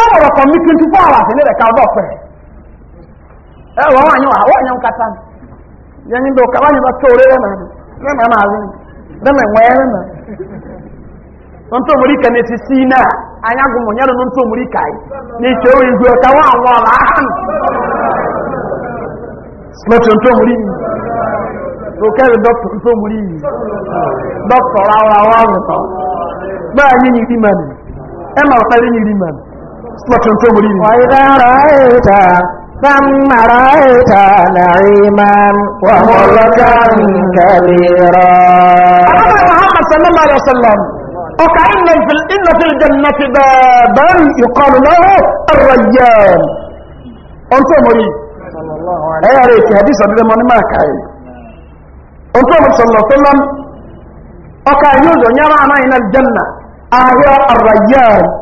ɛwɔrɔ kɔmi twenty four hours ne bɛ kaw dɔkpɛrɛ ɛwɔ wa wanyɛ nkata yanni do kaba nyɛ ba tóore yɛ nani ne ma ma awi ne na. ŋmɛ yɛ ti na anya gumu nyɛ do ntomori kai ne tse o ihu wa la ahan yi o dɔkita yi dɔkita bɛɛ nyiri ma ɛ ma o nyiri صلاة تمرين وإذا رأيت ثم رأيت نعيما وملكا كبيرا أما محمد صلى الله عليه وسلم وكأن في إن في الجنة بابا يقال له الريان أنت مريد صلى الله عليه وسلم أي ريت حديث عبد الله ما أنت مريد صلى الله عليه وسلم وكأن يوزن يرى أنا الجنة أهو الريان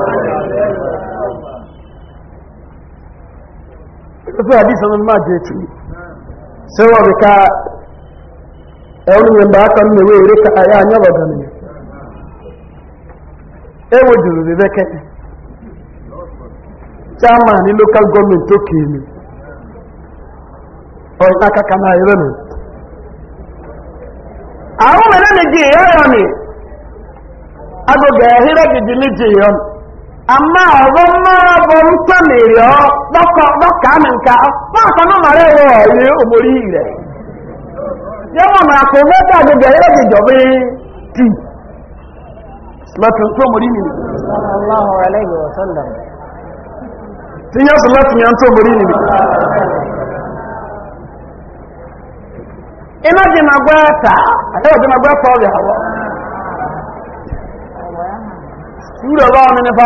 fún àdísọ́ ní máa etu. ètù sai wọ́n bí ká ẹ̀rùn yẹn bá na mẹ́wé e ere ka ayé anyọ́bọ̀ e ewo jùlọ rẹ̀ chairman local government tó kéé na akaka náà yẹ́rẹ́ mi àwọn mẹ́rẹ́ mi jì yọ́ yọ́ mi dị ẹ̀hírẹ́ ya amma ọzọ mmara bụ na ọ dọkọ dọkọ amị nka dọkọ na mara ewe ọyị omori ire ya na akụ ụgbọ taa gị gere gị jọbe ti slatun omori nìyí wa sallam tinye ya omori ina gị na gwa ta na gwa ta ọrịa Sura ba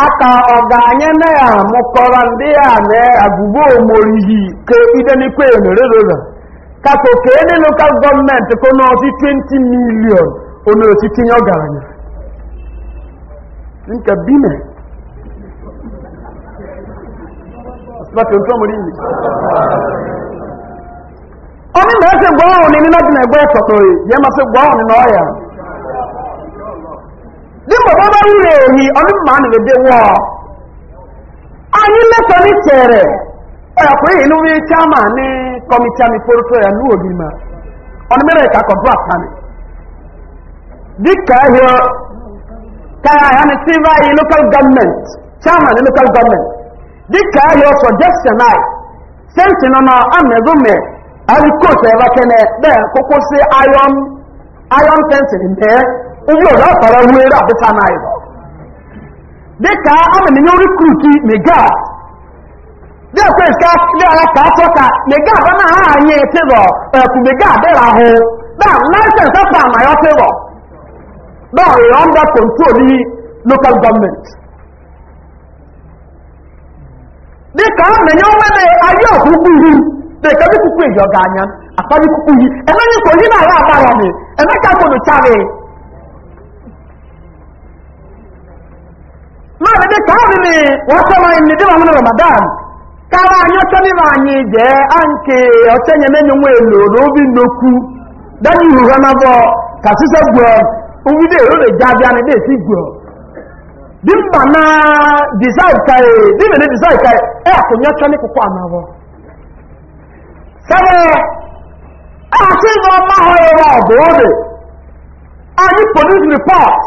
aka ọ ga-anye na ya mụkọrọ ndị ya na agụgbo omorihi ka idenikwe mererora kako ka ndị lokal gọọmenti ko n'osi 20 milion onosi tinye ọgaranya nka bime onye na-ese gbaa ọhụrụ n'ime na-egbe ọtọtọrị ya masị gbaa ọhụrụ n'ọya dị mgbe bọba wuru ehi ọnụ mma anyị mmekọ chere ọyakwa ehi n'ụwa ịcha ma ni kọmicha ya obi ma ọnụ mere ka akọ brak ha ahịa ya ni silva i local government chairman local government ahịa suggestion nọ na amezume ahụ iron iron ndị ọzọ akpara wu abụta n'anyị dịka ama na nye rekrut megal dị ekwe nke dị agha ka atọ ka na ha anyị tịrọ ekwu ahụ na laịsensị afọ ama ya tịrọ na ọ yọrọ ndọ kontrol lokal gọọmenti dịka ama na anyị ọkụkụ ihu dịka ndị kuku eji ọ ga-anya akpa kuku ihu eme nye kwoyi na-ala agbara ọmị eme máa dị ka ọ ni wọ́n sọ́wọ́ ìní dé ramadan káwà ní ọjọ́ nílò àyè jẹ́ àǹkè ọ̀tẹ́ yẹn lẹ́yìn ohun èlò lóbi lóku dájú ìhùwẹ́ máa bọ̀ kàṣíṣẹ́ gbọ́ omi dé èrò lè jáde àní dé dị gbọ́ bí design kae dị mẹ́lẹ́ design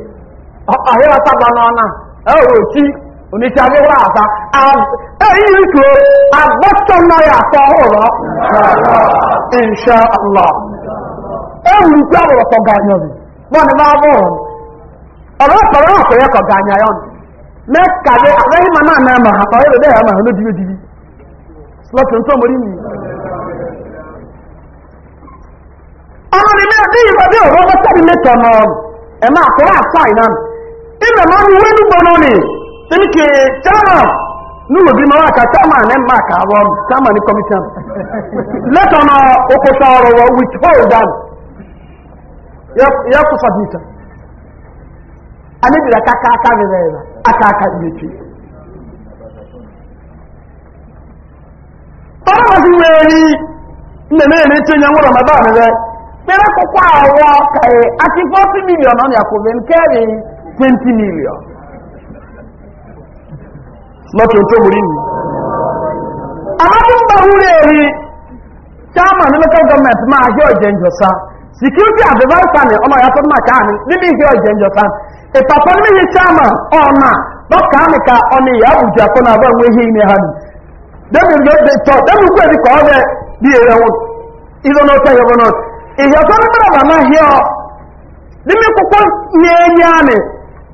ọ̀hẹ́rẹ́ sábà n'ọ̀nà ẹ̀rọ òtí oníṣẹ́ abẹ́wọ́ àṣà èyí ìṣò agbọ́sọ̀nàyà àtọ̀ ọ̀rọ̀ ìṣẹ́ ọ̀lọ́ ẹ̀rù ìgbà ọ̀rọ̀ kọ̀gà yọ̀rì wọ́n ni máa bọ̀ ọ̀rọ̀ ọ̀pọ̀rọ̀ ọ̀pọ̀rọ̀ kọ̀gà yọ̀rì mẹ́kàdé àbẹ́yìn màmá mi. ina ma ni wani nọ ne sai ke tama nuru bi mawa ka tama ne ma ka abo tama ni na *laughs* let on uh, oko with hold down ya ya ku fadita ani bi ka aka ba aka ka ni ci tara ma nne ne ne ma ba ne kwa ati 40 million 20 million. Slọ́tù tó múrí ni. Àwọn tó ń chairman ní local government máa ṣe ọ̀jẹ̀ ìjọsá. Security advisor ni ọmọ ìyàtọ̀ máa káà ní níbi ìṣe ọ̀jẹ̀ ìjọsá. Ìpàpọ̀ ní ìṣe chairman ọ̀nà lọ́kàá ní ka ọ̀nà ìyá Abuja kọ́ náà bọ́ọ̀ wéhé ní ha ni. tọ́, kọ́ ọ́dẹ bí èrè wọn. náà náà. Ìyàtọ̀ ní mẹ́rẹ̀ bàmá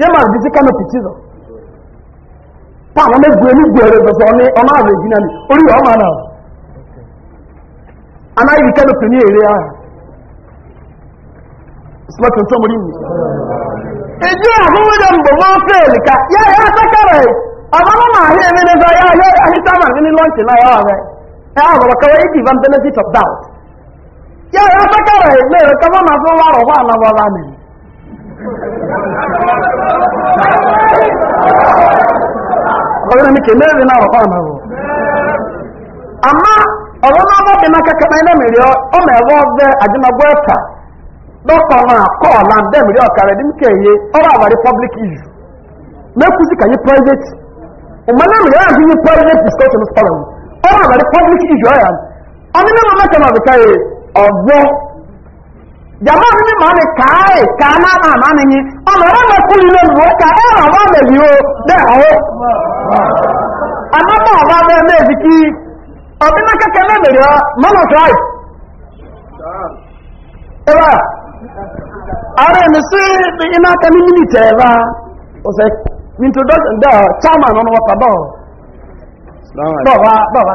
yẹ́mà àdìsí kánò pìtì lọ táwọn mẹ́gbẹ̀ẹ́ onígbẹ̀ẹ́rẹ́ sọ̀sọ̀ ní ọmọ àrẹ̀ ìjìnà ní orí ọmọ náà anáyìí kánò pè ní èrè ara slọ́tì tó mú rí mi ìjì àfúnwẹ́dẹ̀ ń bọ̀ wọ́n fèèlì ká yẹ́ ẹ̀yà sẹ́kẹ̀rẹ̀ ọmọ máa hí ẹni nígbà yá yẹ́ ahítàmà ní àwọ̀rọ̀ benefit of doubt sẹ́kẹ̀rẹ̀ mẹ́rin máa fún wàrọ̀ wà
ọ̀rọ̀
mi na rí náà ọ̀pá na wọ̀. àmá ọ̀rọ̀ náà bọ́ bí náà kẹ́kẹ́ náà mìírí ọmọ emeri ọ̀bẹ àjẹmọ́gbọ́ ẹ̀fà dọ́kọ̀ náà kọ́ ọ̀la ń dẹ́mìírí ọ̀kà rẹ̀ ní kẹ́yẹ ọ̀rọ̀ àwárí public issue mẹ́kù sí private ọmọ náà mìírí àti yí private discussion forum ọ̀rọ̀ àwárí public issue ọ̀yà jama mi ma ni ma ma ni ka ɛ ma ba mɛ bi o bɛ o ma ba bɛ bi ki na kɛkɛ mɛ bi o ma ma tura yi ɛwɛ ara mi si ina ka keke mini tɛ ba o sɛ mi to dɔ dɔ caman nɔnɔ wata dɔ dɔ ba ba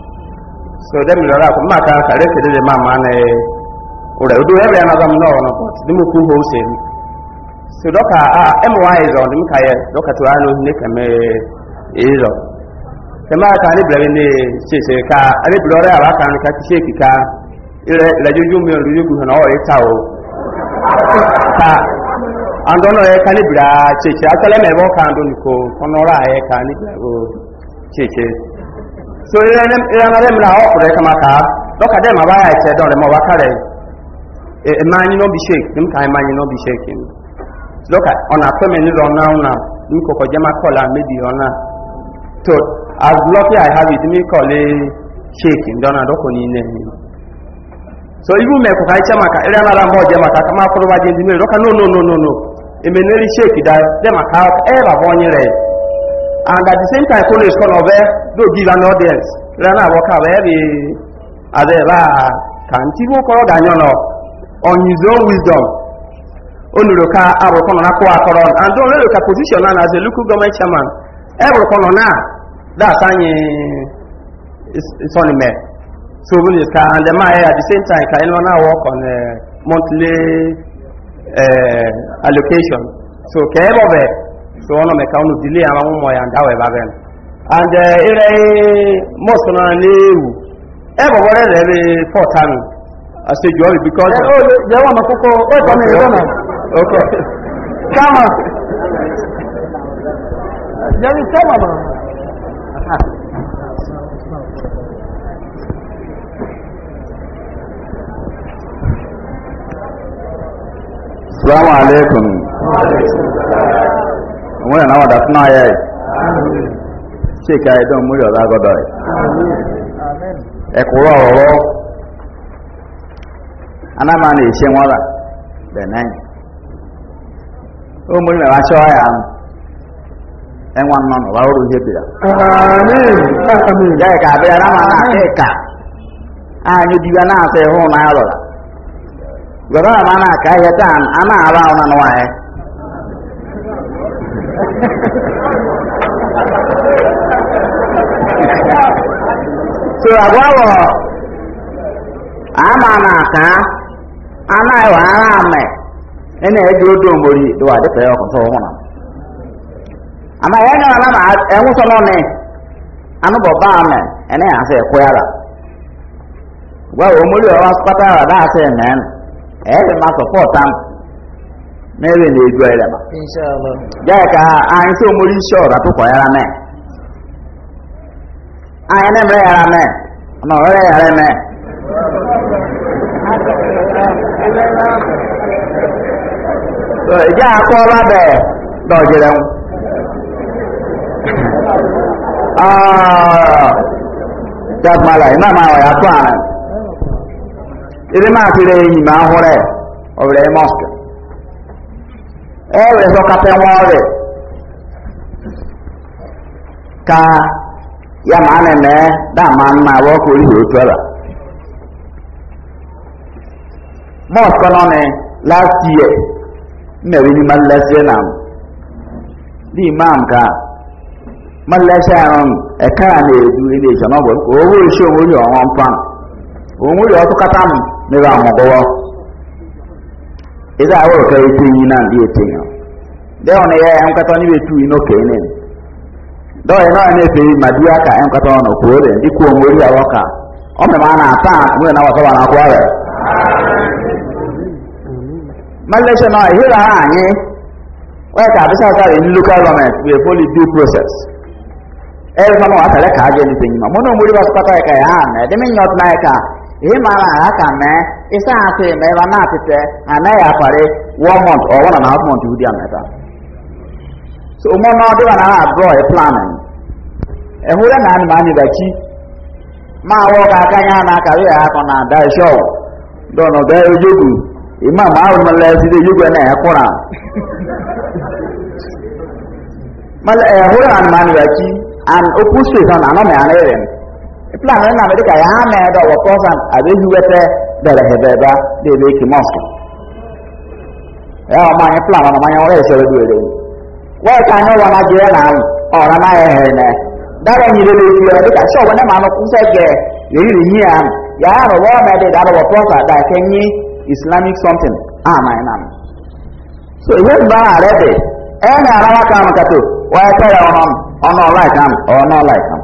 soja mi lora ko maka ka re tede de mama ne ore odo hebe na zam no no pot de mo ku ho a ka ye doka to anu eh, eh, eh, ka me ka ni se se ka ani blore ire la mi na o re ta o ka andono ye ka ni bra cheche akale me bo ka ndo ni ko ka ni cheche so ìrẹ́mẹ́rẹ́ mìíràn àwọn ọkùnrin kan máa kà lọ́kà dẹ́ màá báyà ìṣẹ́ dọ̀rẹ̀ mọ̀ wá kárẹ̀ ẹ̀ máa lọ́kà ọ̀nà àpẹ́mẹ́ nílò ọ̀nà ọ̀nà jẹ́ tó as lucky i have it mi kọ̀lé ṣe kí so and at the same time kó is sọ̀nà ọ̀bẹ́ ló give an audience lẹ́nà àwọ̀ká wẹ́ẹ́ rí àdẹ́bà kàǹtí wó kọ́ dànyọ́ nọ on his own wisdom onùrùka àrùkọ́nà náà kó akọ́rọ̀ and don lérò position náà as a local government chairman ẹ̀rùkọ́nà náà that's anyi sọ́nìmẹ̀ so wọ́n lè ka and ẹ̀ma ẹ̀ at the same time ka ẹni wọn work on uh, monthly uh, allocation so kẹ́ẹ̀ bọ̀ bẹ́ẹ̀. so wọn mẹka wọn delay ara wọn ya nda wẹ ba bẹ no and ere mosque na ẹ bọ wọrẹ rẹ bi port ami asejuwa bi because. ẹ o jẹ wọn ma koko o tọ mi ìrọ
ok kama jẹbi sọmọ ma.
Salamu umuri na wada suna ya yi ṣe e ka ẹ̀dọ́ umuri ọ̀dá gọ́dọ̀ ẹ̀ ẹ̀kúrọ̀ ọ̀rọ̀ anáma na ìṣe wọn rà bẹ̀nẹ́ umuri mẹ̀wá ṣọ́ ya nù ẹ̀wọ̀n nọ nù wà ó rú ihe bìrà jẹ́ ìka àbẹ̀rẹ̀ anáma na ẹ̀ka anyị diga na-asa ịhụ na arọra gwara ma na-aka ihe taa a na-ara ụna so agwagho ama na aka anaghị wa ara ame na-eji odo omori dịwa dịka ya ọkụtọ ọhụrụ amaghị enye ala ma enwụsọ n'ọnị anụbọba ame ene ya asị ekwe ara gwa omori ọwa sụkpata ara da asị eme ya ee ma sọpọt amụ n'ebe na-edu anyị laba gaa ka anyị si omori isi ọrụ atụkọ ya mee anyị na-emere ya mee na ọrịa ya mee
ìjà àkọọ́lá
bẹ́ẹ̀ dọ̀jẹ̀rẹ̀ wọn. jagbala ina ma wa ya kwana ile ma tire yi ma hore o re mosque ẹ̀rẹ̀ sọ́kapẹ́ wọn rẹ̀ ka ya ma nẹ̀mẹ́ dáàmà nà wọ́n kò rí òtú ẹ̀rà mọ́ sọ́nà ni last year mẹ́rin ni malẹ́sẹ̀ nà bí imam ka malẹ́sẹ̀ àrùn ẹ̀ka àmì èdú ilé ìṣọ̀nà bọ̀ owó iṣẹ́ òun rí ọ̀hún pa òun rí ọtún kátà mi níbi àwọn ọgọ́wọ́. eza aworo ka ete yi na ndi ete yi de ono ya ya nkata ni betu na kene do ya na na ete yi madia ka en kata ono ko re ndi ko mori ya waka o na ata mu na wa na na anyi wa ka in local government we fully due process e fa no ka aje ni ma mo ba na m na ihe mara a ka mee ịsa ha sịrị ma ebe a na-apịte anaghị akwarị one month or one and a half month ụdị ameta so ụmụ na ọ dịwa na ha draw a plan ehụre na anụ anyị dachi ma awọ ka aka ya na aka ya akọ na ada show do no da ịma imam ahụ ma le si de yogu na ya kwara mal ehụre na anụ anyị dachi an opus na anọ na ya na plan na america ya na da wa kosan abehi wete da da hebeba da be ki mosque ya ma ni plan na ma ni ore se ere wa ka no wa na je na am ora na ye he ne da ro ni le le ti ere ka so wa na ma no ku se ge le ri ni ya ro wa na de da wa kosa da ken islamic something ah ma na so iwe ba re de e na ara wa ka ka to wa ka ya ona ona like am ona like am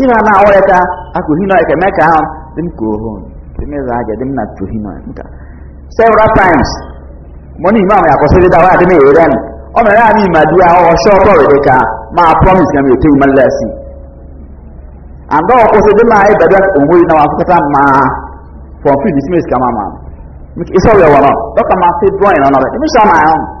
ina na awaya akuhino ya kemeka ha dim dị ho dị na nka several times money imam ya ko se da wa dim e ran o me ra mi madua o sho to dị ka ma promise ka mi te malasi and o ko se dim ai bada ko na wa ma for free dismiss kama ma mi so ya wa no ma fit drawing na na ma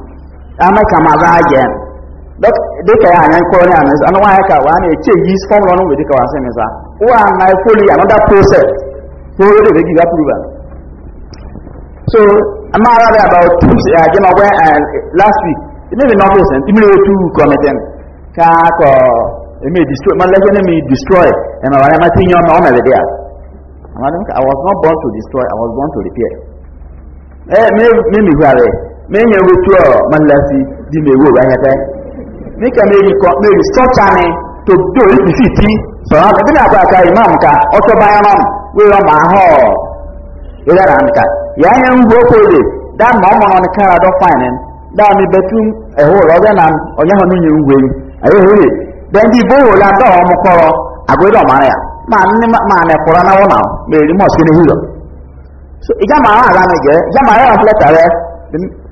ama kama za je dok dika ya nan ko ne anan an waya ka wa ne ce yi form ron we dika wa sai ne sa wa na fully another process so we dey give approval so ama ara da about two ya je ma when uh, eh, last week it may be not person it may to commitment ka ko it e may destroy man like destroy and e ma ma tin yo ma o na be there ama dem ka i was not born to destroy i was born to repair eh me me me where mẹ́yìn ẹ̀rọ tó ọ̀ mọ́lẹ́sí di mẹ́wó rẹ̀hẹ́tẹ́ níkà mẹ́rin kan mẹ́rin sọ́ọ̀tà ni tó dò ìdí sí ti sọ̀rọ̀ àkàtúndì àgbà àkà ìmáàmù ká ọ̀tọ̀ báyà máa mú wíwá máa họ̀ ìlà rà nìkà yàá yẹn ń gbó kóòlè dá màá mọ̀ ní kára dọ́ fáìní dá mi bẹ̀tú ẹ̀hó rọ́bẹ́ nà ọ̀nyá hàn níyẹn ń wéyìn ayé hèrè bẹ́ndì bóyò la dọ́ ọmọ kọ́rọ́ àgbẹ̀dọ̀ máa yà máa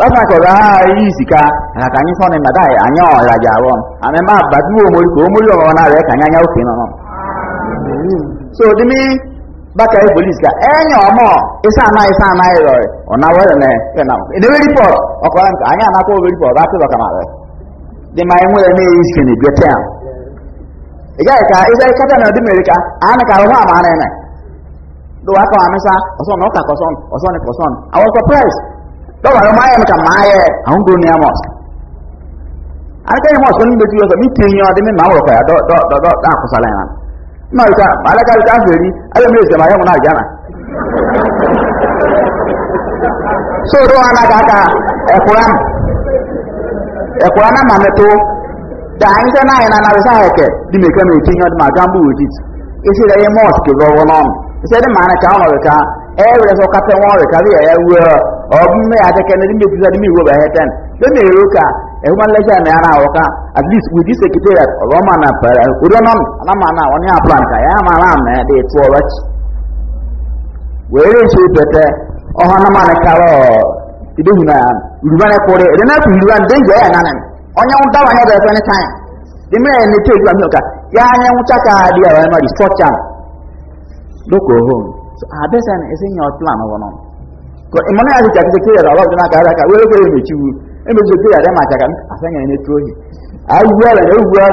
wọ́n kọ̀ bá yí ìsìká àkànyí fọ́nà ìmàdá àyàn ọ̀rajà rọ̀ àmì máa bàbí wo mórí kò mórí ọ̀rọ̀ náà rẹ̀ kànyá yá òkè náà. so dimi bákà yí e polisi ká e ẹ̀yìn ọmọ isa àná isa àná ìrọ̀ rẹ̀ ọ̀nà wẹ́rẹ̀ náà kẹ́ náà ìdíwé rìpọ̀t ọkọ̀ rẹ̀ àyàn ànákó wẹ́ rìpọ̀t bá tóbi ọ̀kàmà rẹ̀ di máa ń wẹ́rẹ̀ ní ìsìn ìgbẹ́tẹ̀ à ìjà ìka ìjà ìkátà náà di mẹ́ríkà àánì ká ọ̀hún àmà náà nà lọ́wọ́ akọ̀ àmì sá ọ̀sán ọ̀kà kọ̀sán ọ̀sán ni kọ̀sán àwọn surprise dɔba yɛ mayɛ ka maayɛ ahun duro ya mɔs alika yɛ mɔs wɔn bɛti yɔsɔ mi ti nyɛ ɔdi mi maa wɔrɔ kɔya dɔ dɔ dɔ dɔ mma yi ka alika yi mi ana ɛkura mu na ma mi to da anyi na na bi sa di mi kɛ mi ti nyɛ ɔdi ma gambu wɔ esi yɛ mɔs kebɔ maa na ka ka ɛyɛ wɛrɛ sɛ ɔka wɔn ka bi yɛ ọbụ mme ya adịka na ndị ekwuzi adịm iwu ọbịa heten na mere ụka ehuman lecture na ya na at least with this secretariat ọrụ ọma na pere ụdị ọnọ na onye apụla nka ya na dị etu ọrụ echi wee resi pete ọha anama na kara na ya na kwụrụ na ekwuru uruba ndị njọ ya na nwụta ya bụ ekwe n'ịta ya dị na ya na ụka ya anya nwụcha ka ya ọrịa dị imani ya jika kike ya rawa na kara ka wele kere me chiwu e me jike ya da ma jaka asanya ne trohi ayi wala ne wala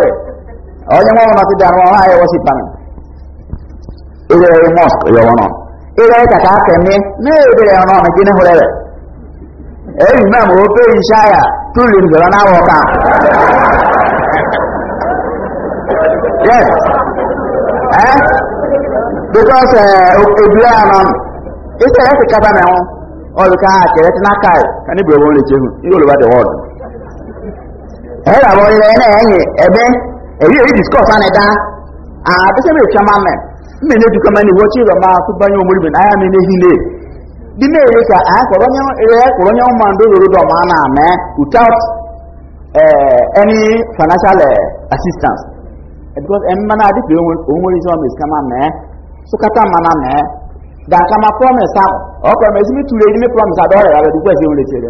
onye mo na tida no ha ya wasi pan ire ya mosque ya wono ire ka ka ke me ne ire ya no na gine horere e na mo pe ishaya tulin zara na woka yes eh because eh obia na ise ya ka ba na won all you can ask ẹ̀rẹ́ tí náà káì ẹni bí owó ń lè jẹun ní olùbá the world ẹ̀rọ àwọn ilẹ̀ ẹ̀nà ẹ̀yìn ẹ̀bẹ́ èyí èyí discuss ánì dá àbísẹ́bẹ̀ ìtwa máa mẹ́ mmi ní dùkọ́ mẹ́ni wọ́n tí mi ní bí ká yẹn máa ń dọ̀ máa náà mẹ́ any financial e, assistance because máa náà òun da kama promise ahụ ọkwa kwere ma ezigbo tụrụ edime promise adọ ọrịa abịa dukwa ezinụlọ chere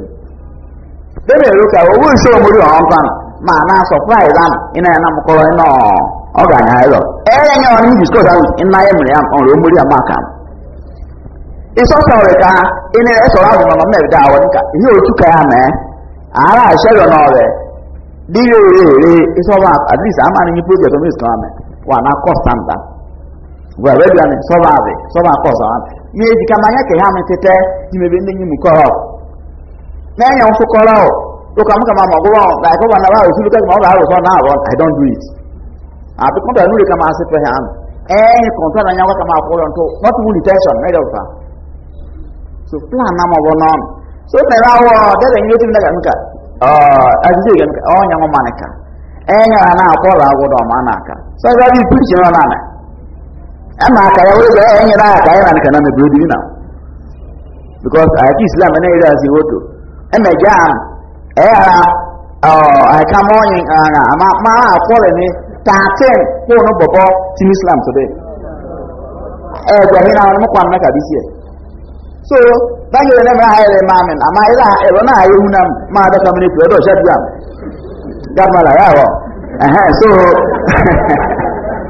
debe ero ka owu nso omori ọhụrụ mpa ma na surprise ahụ ị na ya na mkpọrọ ị nọ ọ ga anya ịlọ ee nye ọrụ ndị skọt ahụ ị na ya mere ya ọrụ omori ya maka ịsọsọrọ ka ị na-esọrọ ahụ nọ mmebe da awọ dịka ihe otu ka ya mee ara ashero na ọrịa dị ire ere ere ịsọba at least amaghị ihe project ọmụ islam wa na kọsanta wẹ̀rẹ̀dùn ni sọ́ba àbẹ̀ sọ́ba àkọ́sọ wọn mi èjì ká máa yẹ́kẹ̀ hàn mi títẹ́ tí mi bí ní yìí mú kọ́rọ̀ mẹ́yìn ń fúkọ́rọ̀ ó kà mú kà máa mọ̀ gbọ́ wọn láì fọ́ba náà wáyé òṣìlú kẹ́kọ̀ọ́ ọ̀rọ̀ àròsọ náà rọ i don't do it àbí kọ́ńtà ìlú rẹ̀ ká máa ṣe fẹ́ hàn ẹ̀yìn kọ̀ǹtà náà yẹn wá ká máa kọ́ lọ́n tó not full intention mẹ́jọ fà so plan náà mọ̀ wọ́n náà so mẹ́ra wọ dẹ́rẹ̀ yín ló ti fi náà kà àdìsí ìgbà ọ̀nyà wọn mọ̀ nìkan ẹ̀yìn náà kọ́ ọ̀rọ̀ àwọ̀dọ̀ ọ̀ma náà kà so ẹ̀rọ bí preach náà náà ama aka ya wee gaa enyere aka ya na kana mebiri odiri na because ayati islam e, na ira si woto ema jam Eya oh i come on ama ma akwore ni 13 ko no bobo tin islam today eh gwa hina na mo kwamna ka bisie so bangi na ma maa mamen ama ira na ayi hunam ma da kamene to do ya so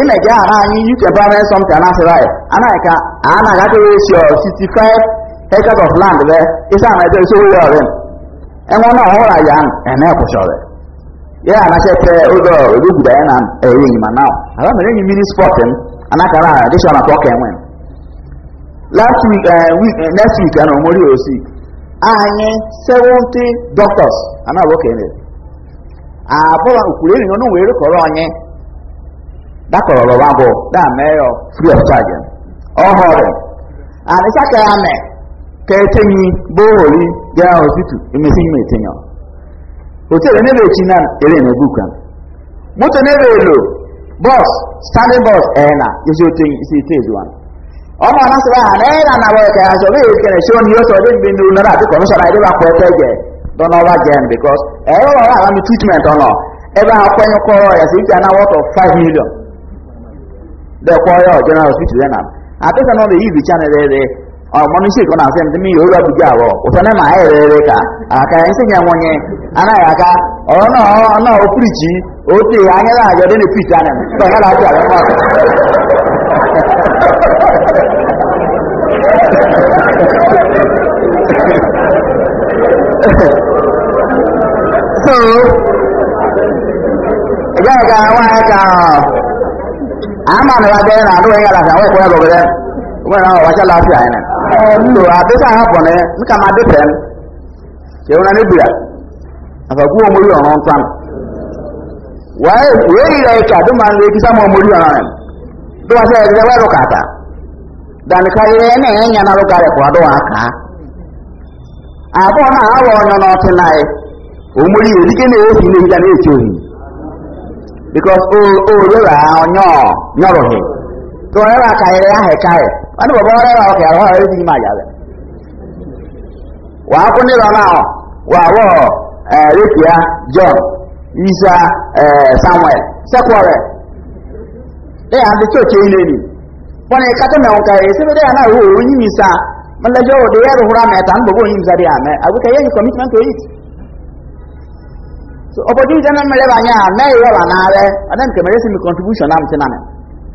ime ga ara anyị uk primary something anasịrị anyị anaghị ka a na-agata ratio 65 acres of land re isa na ebe esi wụrụ ọrịa enwe na ọhụrụ ya eme kwụchọrọ ya anachete ụzọ olugbuda ya na eri ma na ala mere enyi mini m anakara ara na pọka enwe last week uh, week uh, next week na omori osi anyị 70 doctors anaghị okenye abụọ ukwuru enyi n'ọnụ kọrọ that kọrọ one wabọ that mee yọ free of charge ọhụrụ and ịsa ah, ka ya mee ka etinye bohori bịa hospital emesi ime etinye hotel ne bɛ ekyi nan ere e na ebu kwan moto ne bɛ bọs bus standing bus ɛyɛ e na yɛsɛ e ote isi ete ezu ano ɔmo anase bɛ ha n'ɛyɛ na n'awɔ ɛkɛ ha sɛ ɔbɛ yɛ kɛnɛ sɛ ɔni yɛsɛ ɔde bi ndu nara ati kɔmi sɔrɔ ayɛlɛ ba kɔ ɛtɛ gɛ dɔnna ɔba gɛn because ɛyɛ wɔn a wɔn mi treatment ɔnɔ ɛbɛ ha kɔnyɛ na five million. dẹ́kọ́ ọyọ́ general hospital ena náà àtẹ́sán na lè yí ìbìtsá ni rẹ̀ rẹ̀ ọmọ mi sì kọ́ náà sẹ́ni mi yóò rọ́ọ̀bù jẹ́ àwọ̀ òsán náà aka rẹ̀ rẹ̀ na àkà ẹ̀ ń sẹ́yìn ẹ̀wọ̀n na anáyàká ọ̀rọ̀ náà ọ̀rọ̀ náà ó pìrìjì na ya ga na ndo ya la ka ko ya go ga kuma na wa cha lafiya ne to a bisa ha ko ne mika ma de pen ke una ne bira aka ku omori ọ̀rọ̀ ntwa no wàá wéyí rẹ̀ ẹ̀ka tó máa ń lè kísà mọ́ omori ọ̀rọ̀ rẹ̀ tó wá sẹ́ ẹ̀ ṣẹ́ wẹ́rù kàtà dànìkà yẹ ẹ̀ náà ẹ̀ ń yàn náà lókà rẹ̀ kọ́ ọdún wàá kà á àbọ̀ náà àwọ̀ ọ̀nà náà ọ̀tí náà omori yẹ kíkẹ́ náà èsì ní ìjà náà èsì òhìn because olóra ọ̀nyọ́ nyọ́rọ̀ hì tó ọ̀rẹ́rà kàìrẹ́ ahẹ̀kàì wọ́n ni bọ̀bọ̀ ọ̀rẹ́rà ọ̀kẹ̀ àwọn ọ̀rẹ́ ti máa yàrá wà á kún nílọ náà wà wọ́ rékìá john isa eh, samuel sẹ́kọ̀ọ̀rẹ́ ẹ̀ à ń fi tóòkè ilé ni ni mi sa sa so opportunity na mmele ba nya na e na re adam ke mere simi contribution na mtina me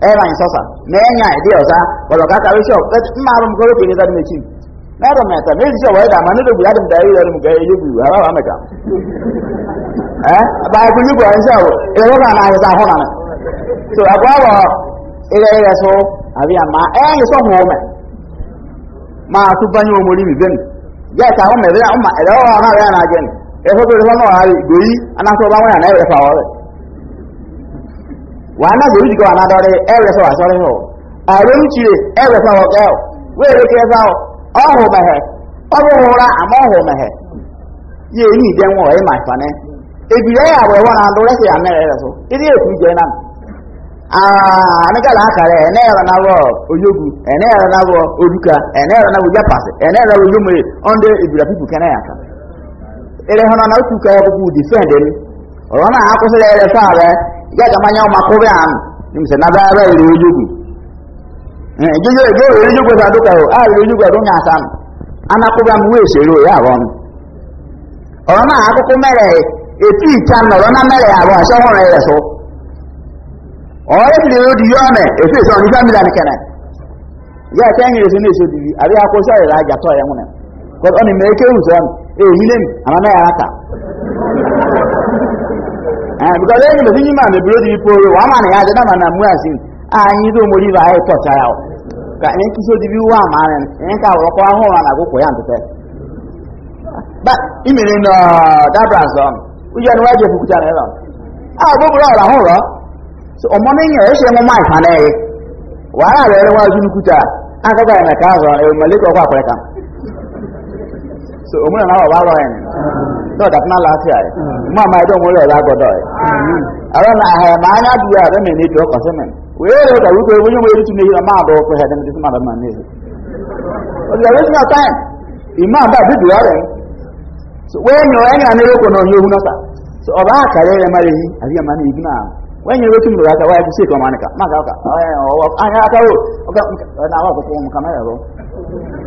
e ba nsosa me nya e di osa bolo ka ka wisho but ma rum ko ke ni da me chi na ro meta me di sho wa da ma ne do bu adam da yi ro mu ga e ara wa meka ba ku ni bu an sha wo na na ya sa ho na so agwa wa ire ire so abi ama e ni so ho me ma tu banyo mo mi ben ya ta ho me ra o ma e ro na ra na je ẹ̀fọ́ na ọmọ ààrẹ ìgbèrí anáṣọ́ ọba nwere yà náà ẹ̀rẹ̀ fà ọ̀rẹ́ wà náà gbèrí jùlọ ànádọ́rẹ́ ẹ̀rẹ̀ sọ àṣọ́rẹ́ hàn ààrẹ olùchire ẹ̀rẹ̀ fà ọ̀kẹ́ ọ̀ wéèrè kẹ́ fà ọ̀ ọ̀hùn mẹ̀hẹ̀ ọ̀bù hùra àmọ́ akara na oyogu ene na wɔ oduka ene na japasi ene pipu ya ele hono na otu ka ọkụkụ defend m ọrụ na akwụsịrị ere faara ya ga manya ụmụ akwụkwọ ya m na bara ere ojugwu ejije a ere ojugwu adụ nya asa m anakwụkwọ m wee ya abụọ m ọrụ na akwụkwọ mere eti icha na mere abụọ asị ọhụrụ ere so ọrụ ebiri odi ya ọmị efe so ndị famili a nkere ya ka e na akwụsị ọrịa aja ya Because on him, make use on. Hey, he name, I'm a man. Because any of the man, the brother, you one man, na ya know, na wearing. I need to believe I thought I out. Ka ne kiso di bi wa ma ne ne ka wo na ya nte. Ba ime no n'ọ brazon. ụjọọ na Ah bo bro la ho ro. So omo ne se mo mai fa Wa ra wa na ka zo e kwa kwa so la òmùnà náà wà wárọ̀ ẹ̀nì tó dàpọ̀ náà láti àyè mú àmà ẹjọ́ òmùnà ẹ̀rọ agọ́dọ̀ ẹ̀ àwọn náà ahẹ́ máa ní adìyẹ àrẹ mi ní ìtọ́ ọkọ̀ sí mi wèé rẹ̀ dàrú pé wọ́n yóò wọ́n tún yíra máa dọ̀ ọkọ̀ ẹ̀dẹ́mi tí máa dọ̀mà ní èsì ọjọ́ ìwé sinmi ọ̀tá ìmọ̀ àbá àbí dùwà rẹ̀ wọ́n yàn ẹ̀yìn àní lóko náà yóò húnà sá ọba àkàrẹ́ rẹ̀ máa yìí àbí àmà ní ìgbìnà wọ́n yàn lóko nìyókò àkàwá ẹ̀kú sí ètò ọmọ nìkan máa kà ọkà ọ̀hẹ́ ọwọ́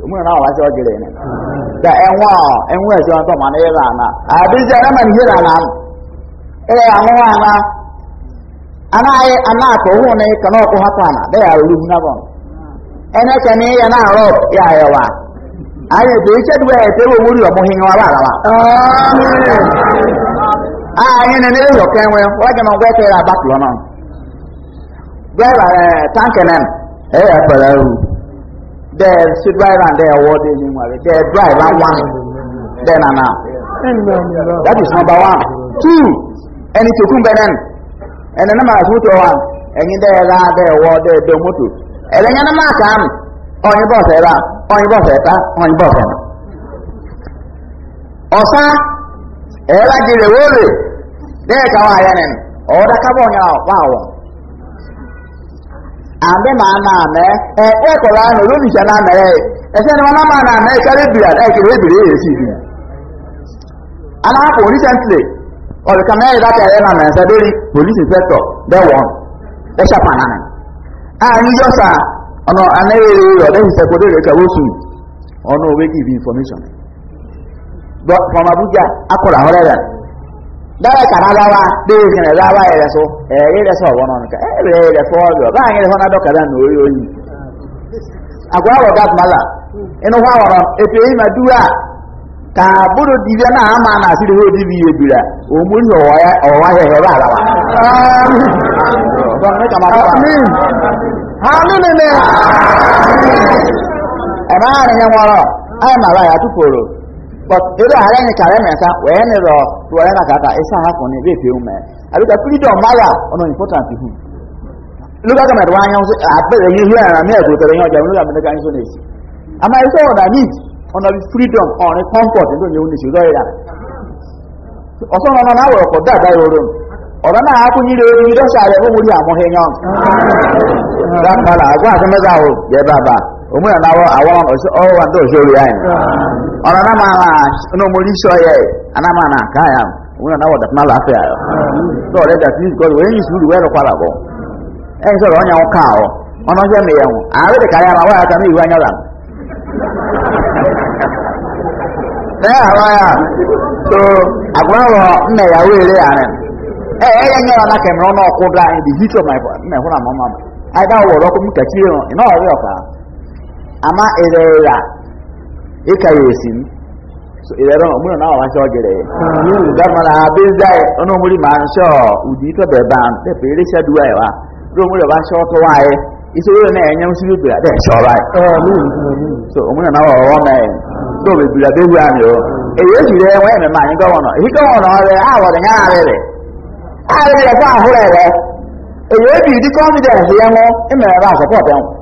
mun na wa sai wajire ne da enwa enwa sai wan to ma ne yana na abin jara man hira na
eh anwa na
ana ai ana ko hu ne kana ko haka na da ya ru na bon ene ka ne yana ro ya yawa ayi be ce duwa e te wo wuri o muhin wa ba ah, ba amen eh, ayi ne ne yo kenwe wa ga na gwe te ra ba klo na gwe ba tanke na eh ya palaru the silver and the award anywhere. The drive and one. Then and now. That is number one. Two. And it's a And number two to one. And in the award the And eh, eh, eh. then oh, come. On your boss era. On your boss era. On your boss era. Ọsa ame ma ama ame ɛ ɛ kɔla lóni sɛ na mɛ ɛsɛ e. e ni wọn ama na mɛ kari bira ɛ ebiri eyi esi bi ana hapun recently ɔdi kama ɛyi daka ɛyɛ na mɛ sɛ e police inspector bɛ wɔn ɛsɛ pana a yíyọ sa ɔnà anayere ɔdɛ ìsɛkò lórí ɛka wosu ɔnà òwe give information from abuja akɔla ahọ́rẹ́ dara ka rabawa dai kana rabawa ya raso eh ya raso wono nka eh be ya raso do ba ngi raso na do no oyo yi agwa wa dat mala ino wa wa e pe ma dua ka buru divya na ama na ho o e but ebe ahara ni ka wee ni ro to we na kaka isa ha ko ni be pe ume abi ka freedom mara ono important hu luka ka merwa nya so abere yi hu ara me ko tere nya ja luka me ka nso ni si ama iso ona need bi freedom on a comfort ndo nyu ni si ro ya oso na na wo ko da da ro òmù yàn náà àwọn ọwọ́ àti òṣèré yà yìí ọ̀nà náà máa nà ọ̀nà òmùrí sọ yẹ àná máa nà ká yà òmù yàn náà wọ̀ dàpọ̀ náà láàfẹ́ yà tó ọ̀rẹ́ gà sí ìkọlù wọ́n yìí sùúrù wẹ́rẹ̀ kwara bọ̀ ẹ̀yìn sọ̀rọ̀ ọ̀nyà wọn ká ọ ọ̀nà ọ̀sẹ̀ mi yẹ̀ wọn àárẹ̀ dẹ̀ káyà máa wáyà tàbí ìwé anyọ́ra ẹ̀ àwáyà tó àgbọ̀nrọ̀ mmẹ̀yàwó eré àrẹ̀ ẹ̀ ẹ̀yẹ nyẹ́ra náà kẹ̀mìrán náà kó bla in the heat of my mẹ̀hún àmọ́mọ́ àìdá ọ̀wọ̀ ọ̀rọ̀ amma ireya ika yesin so irero na omuna na awa nse ogere dama ah. na abinza ono muri ma nse udi to be beba de pe ere shadu ayi wa ro muri ba nse oto wa ayi iso yo na enye nsi bi bira de nse ora ayi so omuna na awa wa na do be bira be e wa ni o eye jire enwe me ma ni gowono ehi gowono re awo de nya re re awo e de ko ahure re eye bi di confidence ye mo e me ba support enwo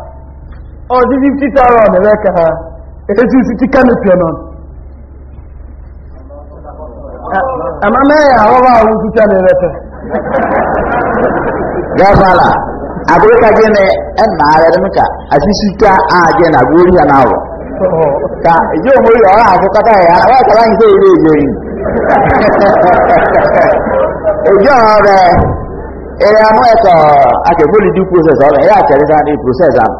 ọdí fífí tààrà ọ̀nà rẹ̀ ha. èsì sí kánìpì ọ̀nà
àmà mẹ́rin àwọn bá àwọn
fífí àmì rẹ̀ tẹ̀. gafala abúrúkà jẹ́ ní ẹ̀nà ààrẹ nìkà àṣìṣì ká ààjẹ́ nà gbórí hàn áwọ̀ ka èyí ò e ya ọ̀rọ̀ àfọkátà ẹ̀yà nke ìkàlá ń gbé ilé ìjọ yìí èjọ rẹ̀ èrè àmọ́ ẹ̀kọ́ akẹ́gbólídìí process ọ̀rọ̀ ya àtẹ̀rẹ́sáà ní process àmì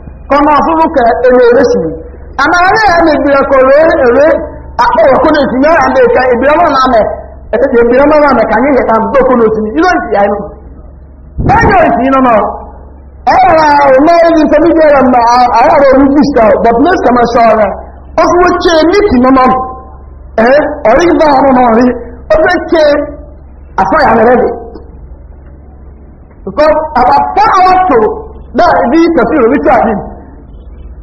kọ́mọ fúrúkẹ èrè oríṣi àmà ẹ̀rẹ́ ẹ̀ lè gbìyàn kò rèé èrè àpọ̀wọ̀kún èsì na-eme ka ìbìrọ́mọ̀ náà mẹ́ ìbìrọ́mọ̀ náà mẹ́ kàní ìhẹ̀ta gbókún òsì ní ilé ìsì àìmọ̀ lẹ́yìn òsì iná náà ẹ̀rọ ọmọ ẹni tó níjẹ́ rẹ̀ mọ̀ àwọn ọ̀rọ̀ orí bíṣà but next time ṣọ rẹ̀ ó fi wọ́n ṣe níìtì mọ́mọ́ ẹ̀ ọ̀rí gbà ọmọ náà rí ó fẹ́ ṣe àfọyà rẹ̀ rẹ̀ because our power to that be tafsir orí tí a dì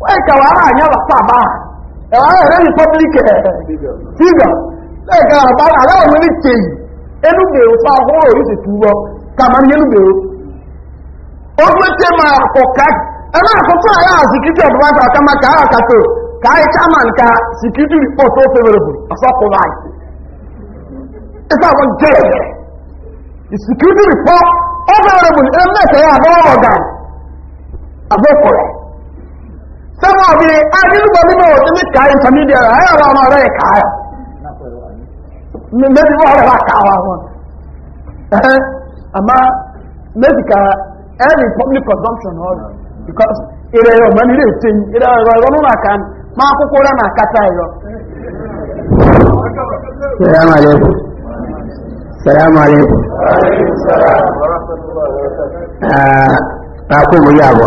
wọ́n kà anya àyàn wà sábà ẹ̀wọ̀n ẹ̀rọ yìí public figure lẹ́ẹ̀kà àbá aláwọ̀ ní ọhụrụ ẹnubèrò fa ọkùnrin òru sì túbọ̀ kàmá ní ẹnubèrò ó gbé tẹ́ máa àkọ́kà ẹ̀rọ àkọ́kọ́ àyà ka of life ka kàá ka security report ó favourable àfọ́kùn láì it's abụọ abụọ sẹ́wọ̀n ọ̀bí ajínúgbà mímọ̀ òtí ní káyí intermediate ayé ọ̀rọ̀ ọmọ rẹ̀ káyà mẹ́bí wọ́n rẹ̀ wá káwà wọn ẹ̀hẹ́ àmá mẹ́bí ká ẹ̀rì public consumption ọ̀rọ̀ because ìrẹ̀ ẹ̀rọ mẹ́ni ilé ètè yìí ìrẹ̀ ẹ̀rọ ẹ̀rọ nínú àká ní máa kókó rẹ̀ máa kátà ẹ̀rọ.
salamu alaykum
salamu alaykum. a kò mú yàgò.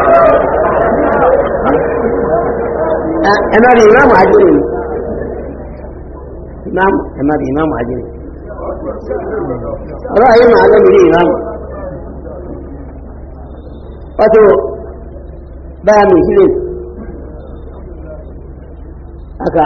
Eh, ẹ̀nà rí ìmáàmù àjírí
ìmáàmù ẹ̀nà rí ìmáàmù àjírí
ọ̀rọ̀ ayé máa lẹ́nu rí ìmáàmù
ọ̀tọ̀ báyà mi sílẹ̀ aka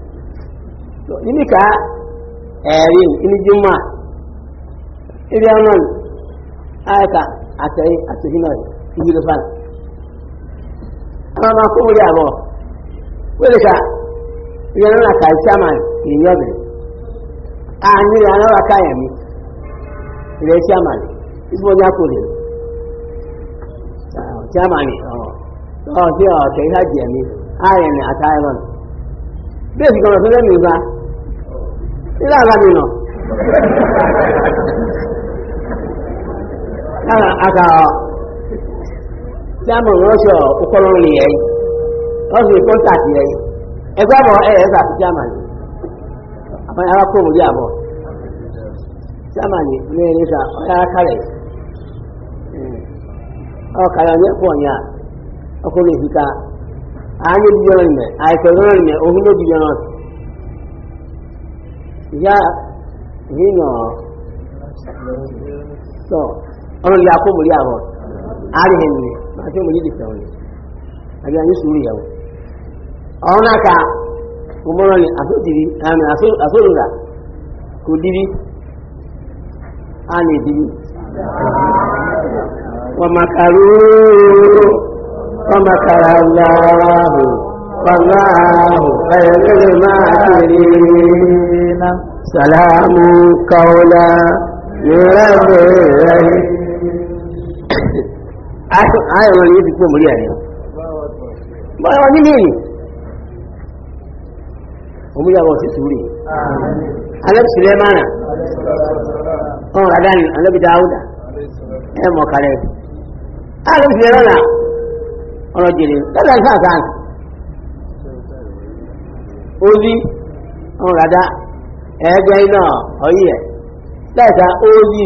ini ka Erin, eh, ini juma ibi anan ayaka atẹ́yìn àti hinari ibi ló fàn àwọn akọ́wé yà bọ̀ wọ́n ka ibi anan aka ìsámà èèyàn bẹ̀rẹ̀ àní anan aka yà mí ilẹ̀ ìsámà ìsúnmọ́ ní akọ́lé ìsámà ni ọ̀ ọ̀ sí ọ̀ kẹ́hìn hajj yà mí ayẹ̀ ni àtàyẹ̀ bí èsì kan ọ̀sán lẹ́nu ìgbà nílẹ̀ àbámi nà lára àkà tí a mọ̀ wọ́n sọ ọkọ̀lọ́ ní ẹ̀yìn wọ́n sì kọ́ńtàkì ẹ̀yìn ẹgbẹ́ àbọ̀ ẹ̀yẹ ẹ̀sà àti chairman àbáyé arákùnrin òbí àbọ̀ chairman ní ẹni sà ọ̀yà kárẹ̀ ọkàrà ní ẹ̀kọ́ ọ̀nyà ọkùnrin ìfìkà anyị bido ime anyị kọrọ ime ohun bido n'ọsị ya nọ so ọrụ ya akwụ ya bụ arịghị nne ma achọ mụrụ ịdị onye abịa anyị sụrụ ya bụ na ka ụmụrụ ni asụdiri anyị a na-ediri
wọ́n ومكر الله والله خير الماكرين
سلام قولا من رب رحيم ayọ̀ lórí yìí ti kó mórí àríyàn báyọ̀ ní mìí omíyàwó sí sùúrì alẹ́bìsílẹ̀ mara ọ̀rọ̀ adáni alẹ́bìdá áwùdá ẹmọ̀ kàrẹ́ alẹ́bìsílẹ̀ mara ọ̀rọ̀ jèrè lẹ́dàá ìfà ozi ọ̀rọ̀ rádá ẹgbẹ́ iná ẹ̀ lẹ́ẹ̀ta ozi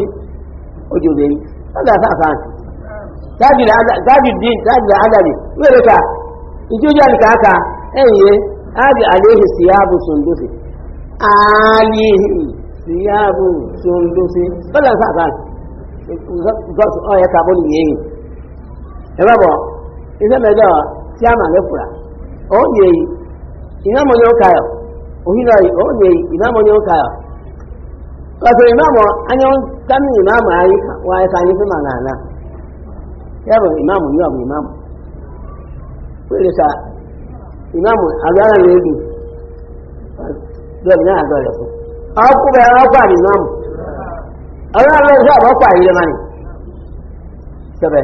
ka ìjọjọ́ àlìkà aka ẹ̀yẹ ábì àléhì síyáàbù nìyẹn bá bọ̀ iná mẹ́dọ̀ tí a mà lẹ́fura òun yẹ iná mọ̀ ní ó kayọ̀ òhìnà òun yẹ iná mọ̀ ní ó kayọ̀ kọ̀sọ̀ iná mọ̀ anyọ́ tánú iná mọ̀ ayé wa ẹ̀ka ayé fún màlá àná yàrá iná mọ̀ yóò mọ̀ iná mọ̀ pèrè sa iná mọ̀ àgbára lè dùn lọ́ọ̀bì náà àgbà rẹ̀ fún ọkùnrin ọkọ̀ àmì iná mọ̀ ọlọ́run lọ́ọ̀bì ọkọ̀ àyè lẹ́mọ̀ ni sẹ́bẹ̀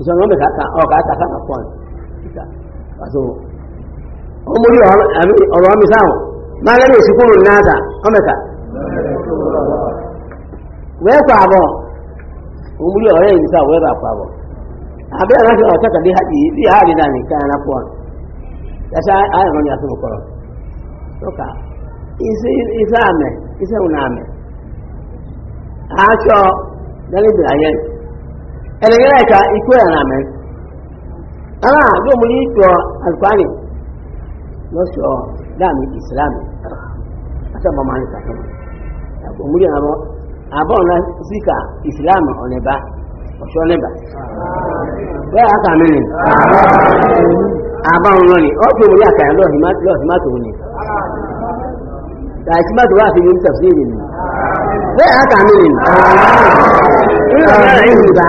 ìṣe ọmọ kàkà ọkà kàkà kà pọ̀ àti ọmọ orí ọ̀rọ̀ ọmọ ìsáwọn máa lẹ́nu ìṣìkúrò náà ọmọkà wẹ́ẹ̀kọ̀ àbọ̀ ọmọ wẹ́ẹ̀kọ̀ àbọ̀ bí àti lọ́kà àmẹ́ ẹlẹgẹrẹ ẹka ikú ẹran amẹ ara yóò mú ní ìtọ alukwani lọsọ dáàmì ìsìlámì asọmọ máa ń sàkọ àpò múlẹ àbọ àbọ ọ̀nà síkà ìsìlámì ọ̀nẹ̀bá ọ̀ṣọ́ ọ̀nẹ̀bá
bẹ́ẹ̀ aka mi ni àbọ
ọ̀nà ni ó fi múlẹ àkàyà lọ́ọ̀hìmátò ni tàìsímátò wà fi ní tẹ̀síìrì ni bẹ́ẹ̀ aka mi ni ìrọ̀lẹ́ ìrìbá.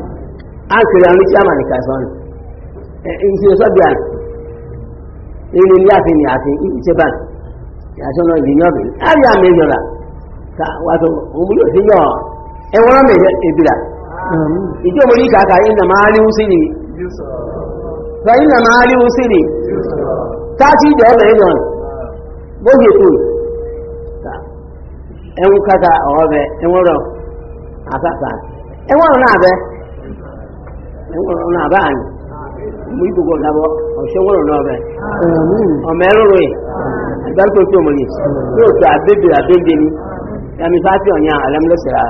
an kiri àwọn ni ìṣe sọ́bìà nínú ndị àfin ní àfin ìṣẹ́bà ya náà e, e, e na yọ̀bì láàrin àmì ìyọ̀lá ká wà tó ka yóò sí yọ̀ ẹwọ́n rán mi ìbìlà ìjọ mo ní kàkà iná máa rí ni
sọ
iná máa ni táàtì ìdẹ̀ ọ̀rọ̀ ìyọ̀n bóyè tó ẹ̀wọ̀n kàkà ọ̀rọ̀ ọ̀nà àbá àmì mú ìgbogbo ọ ọ̀ṣọ́wọ́rọ̀ náà rẹ̀ ọmọ ẹ̀rọ rẹ̀ ìgbàlùkò tí òmùnì yóò tó àbébè àbébè ni ẹ̀mí fáfí ọ̀yàn àlẹ́múlẹ́sẹ̀rà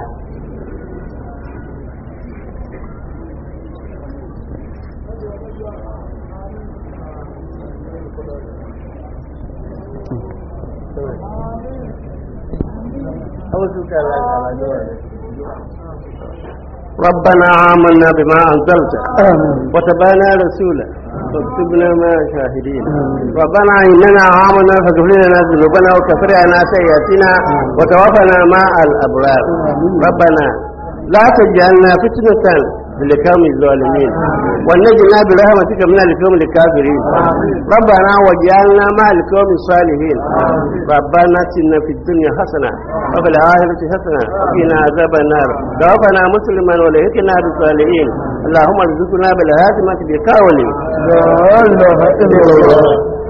Thank you.
ربنا آمنا بما أنزلت وتبانا رسولا فاكتبنا ما شاهدين ربنا إننا آمنا فاغفر لنا ذنوبنا وكفر عنا سيئاتنا وتوفنا مع الأبرار ربنا لا تجعلنا فتنة لكام الظالمين والنجنا برحمتك من الكوم الكافرين ربنا وجعلنا مع الكوم الصالحين ربنا تنا في الدنيا حسنة وفي الآخرة حسنة وقنا عذاب النار توفنا مسلما ولهكنا بالصالحين اللهم ارزقنا بالهاتمة بقولي لا إله إلا الله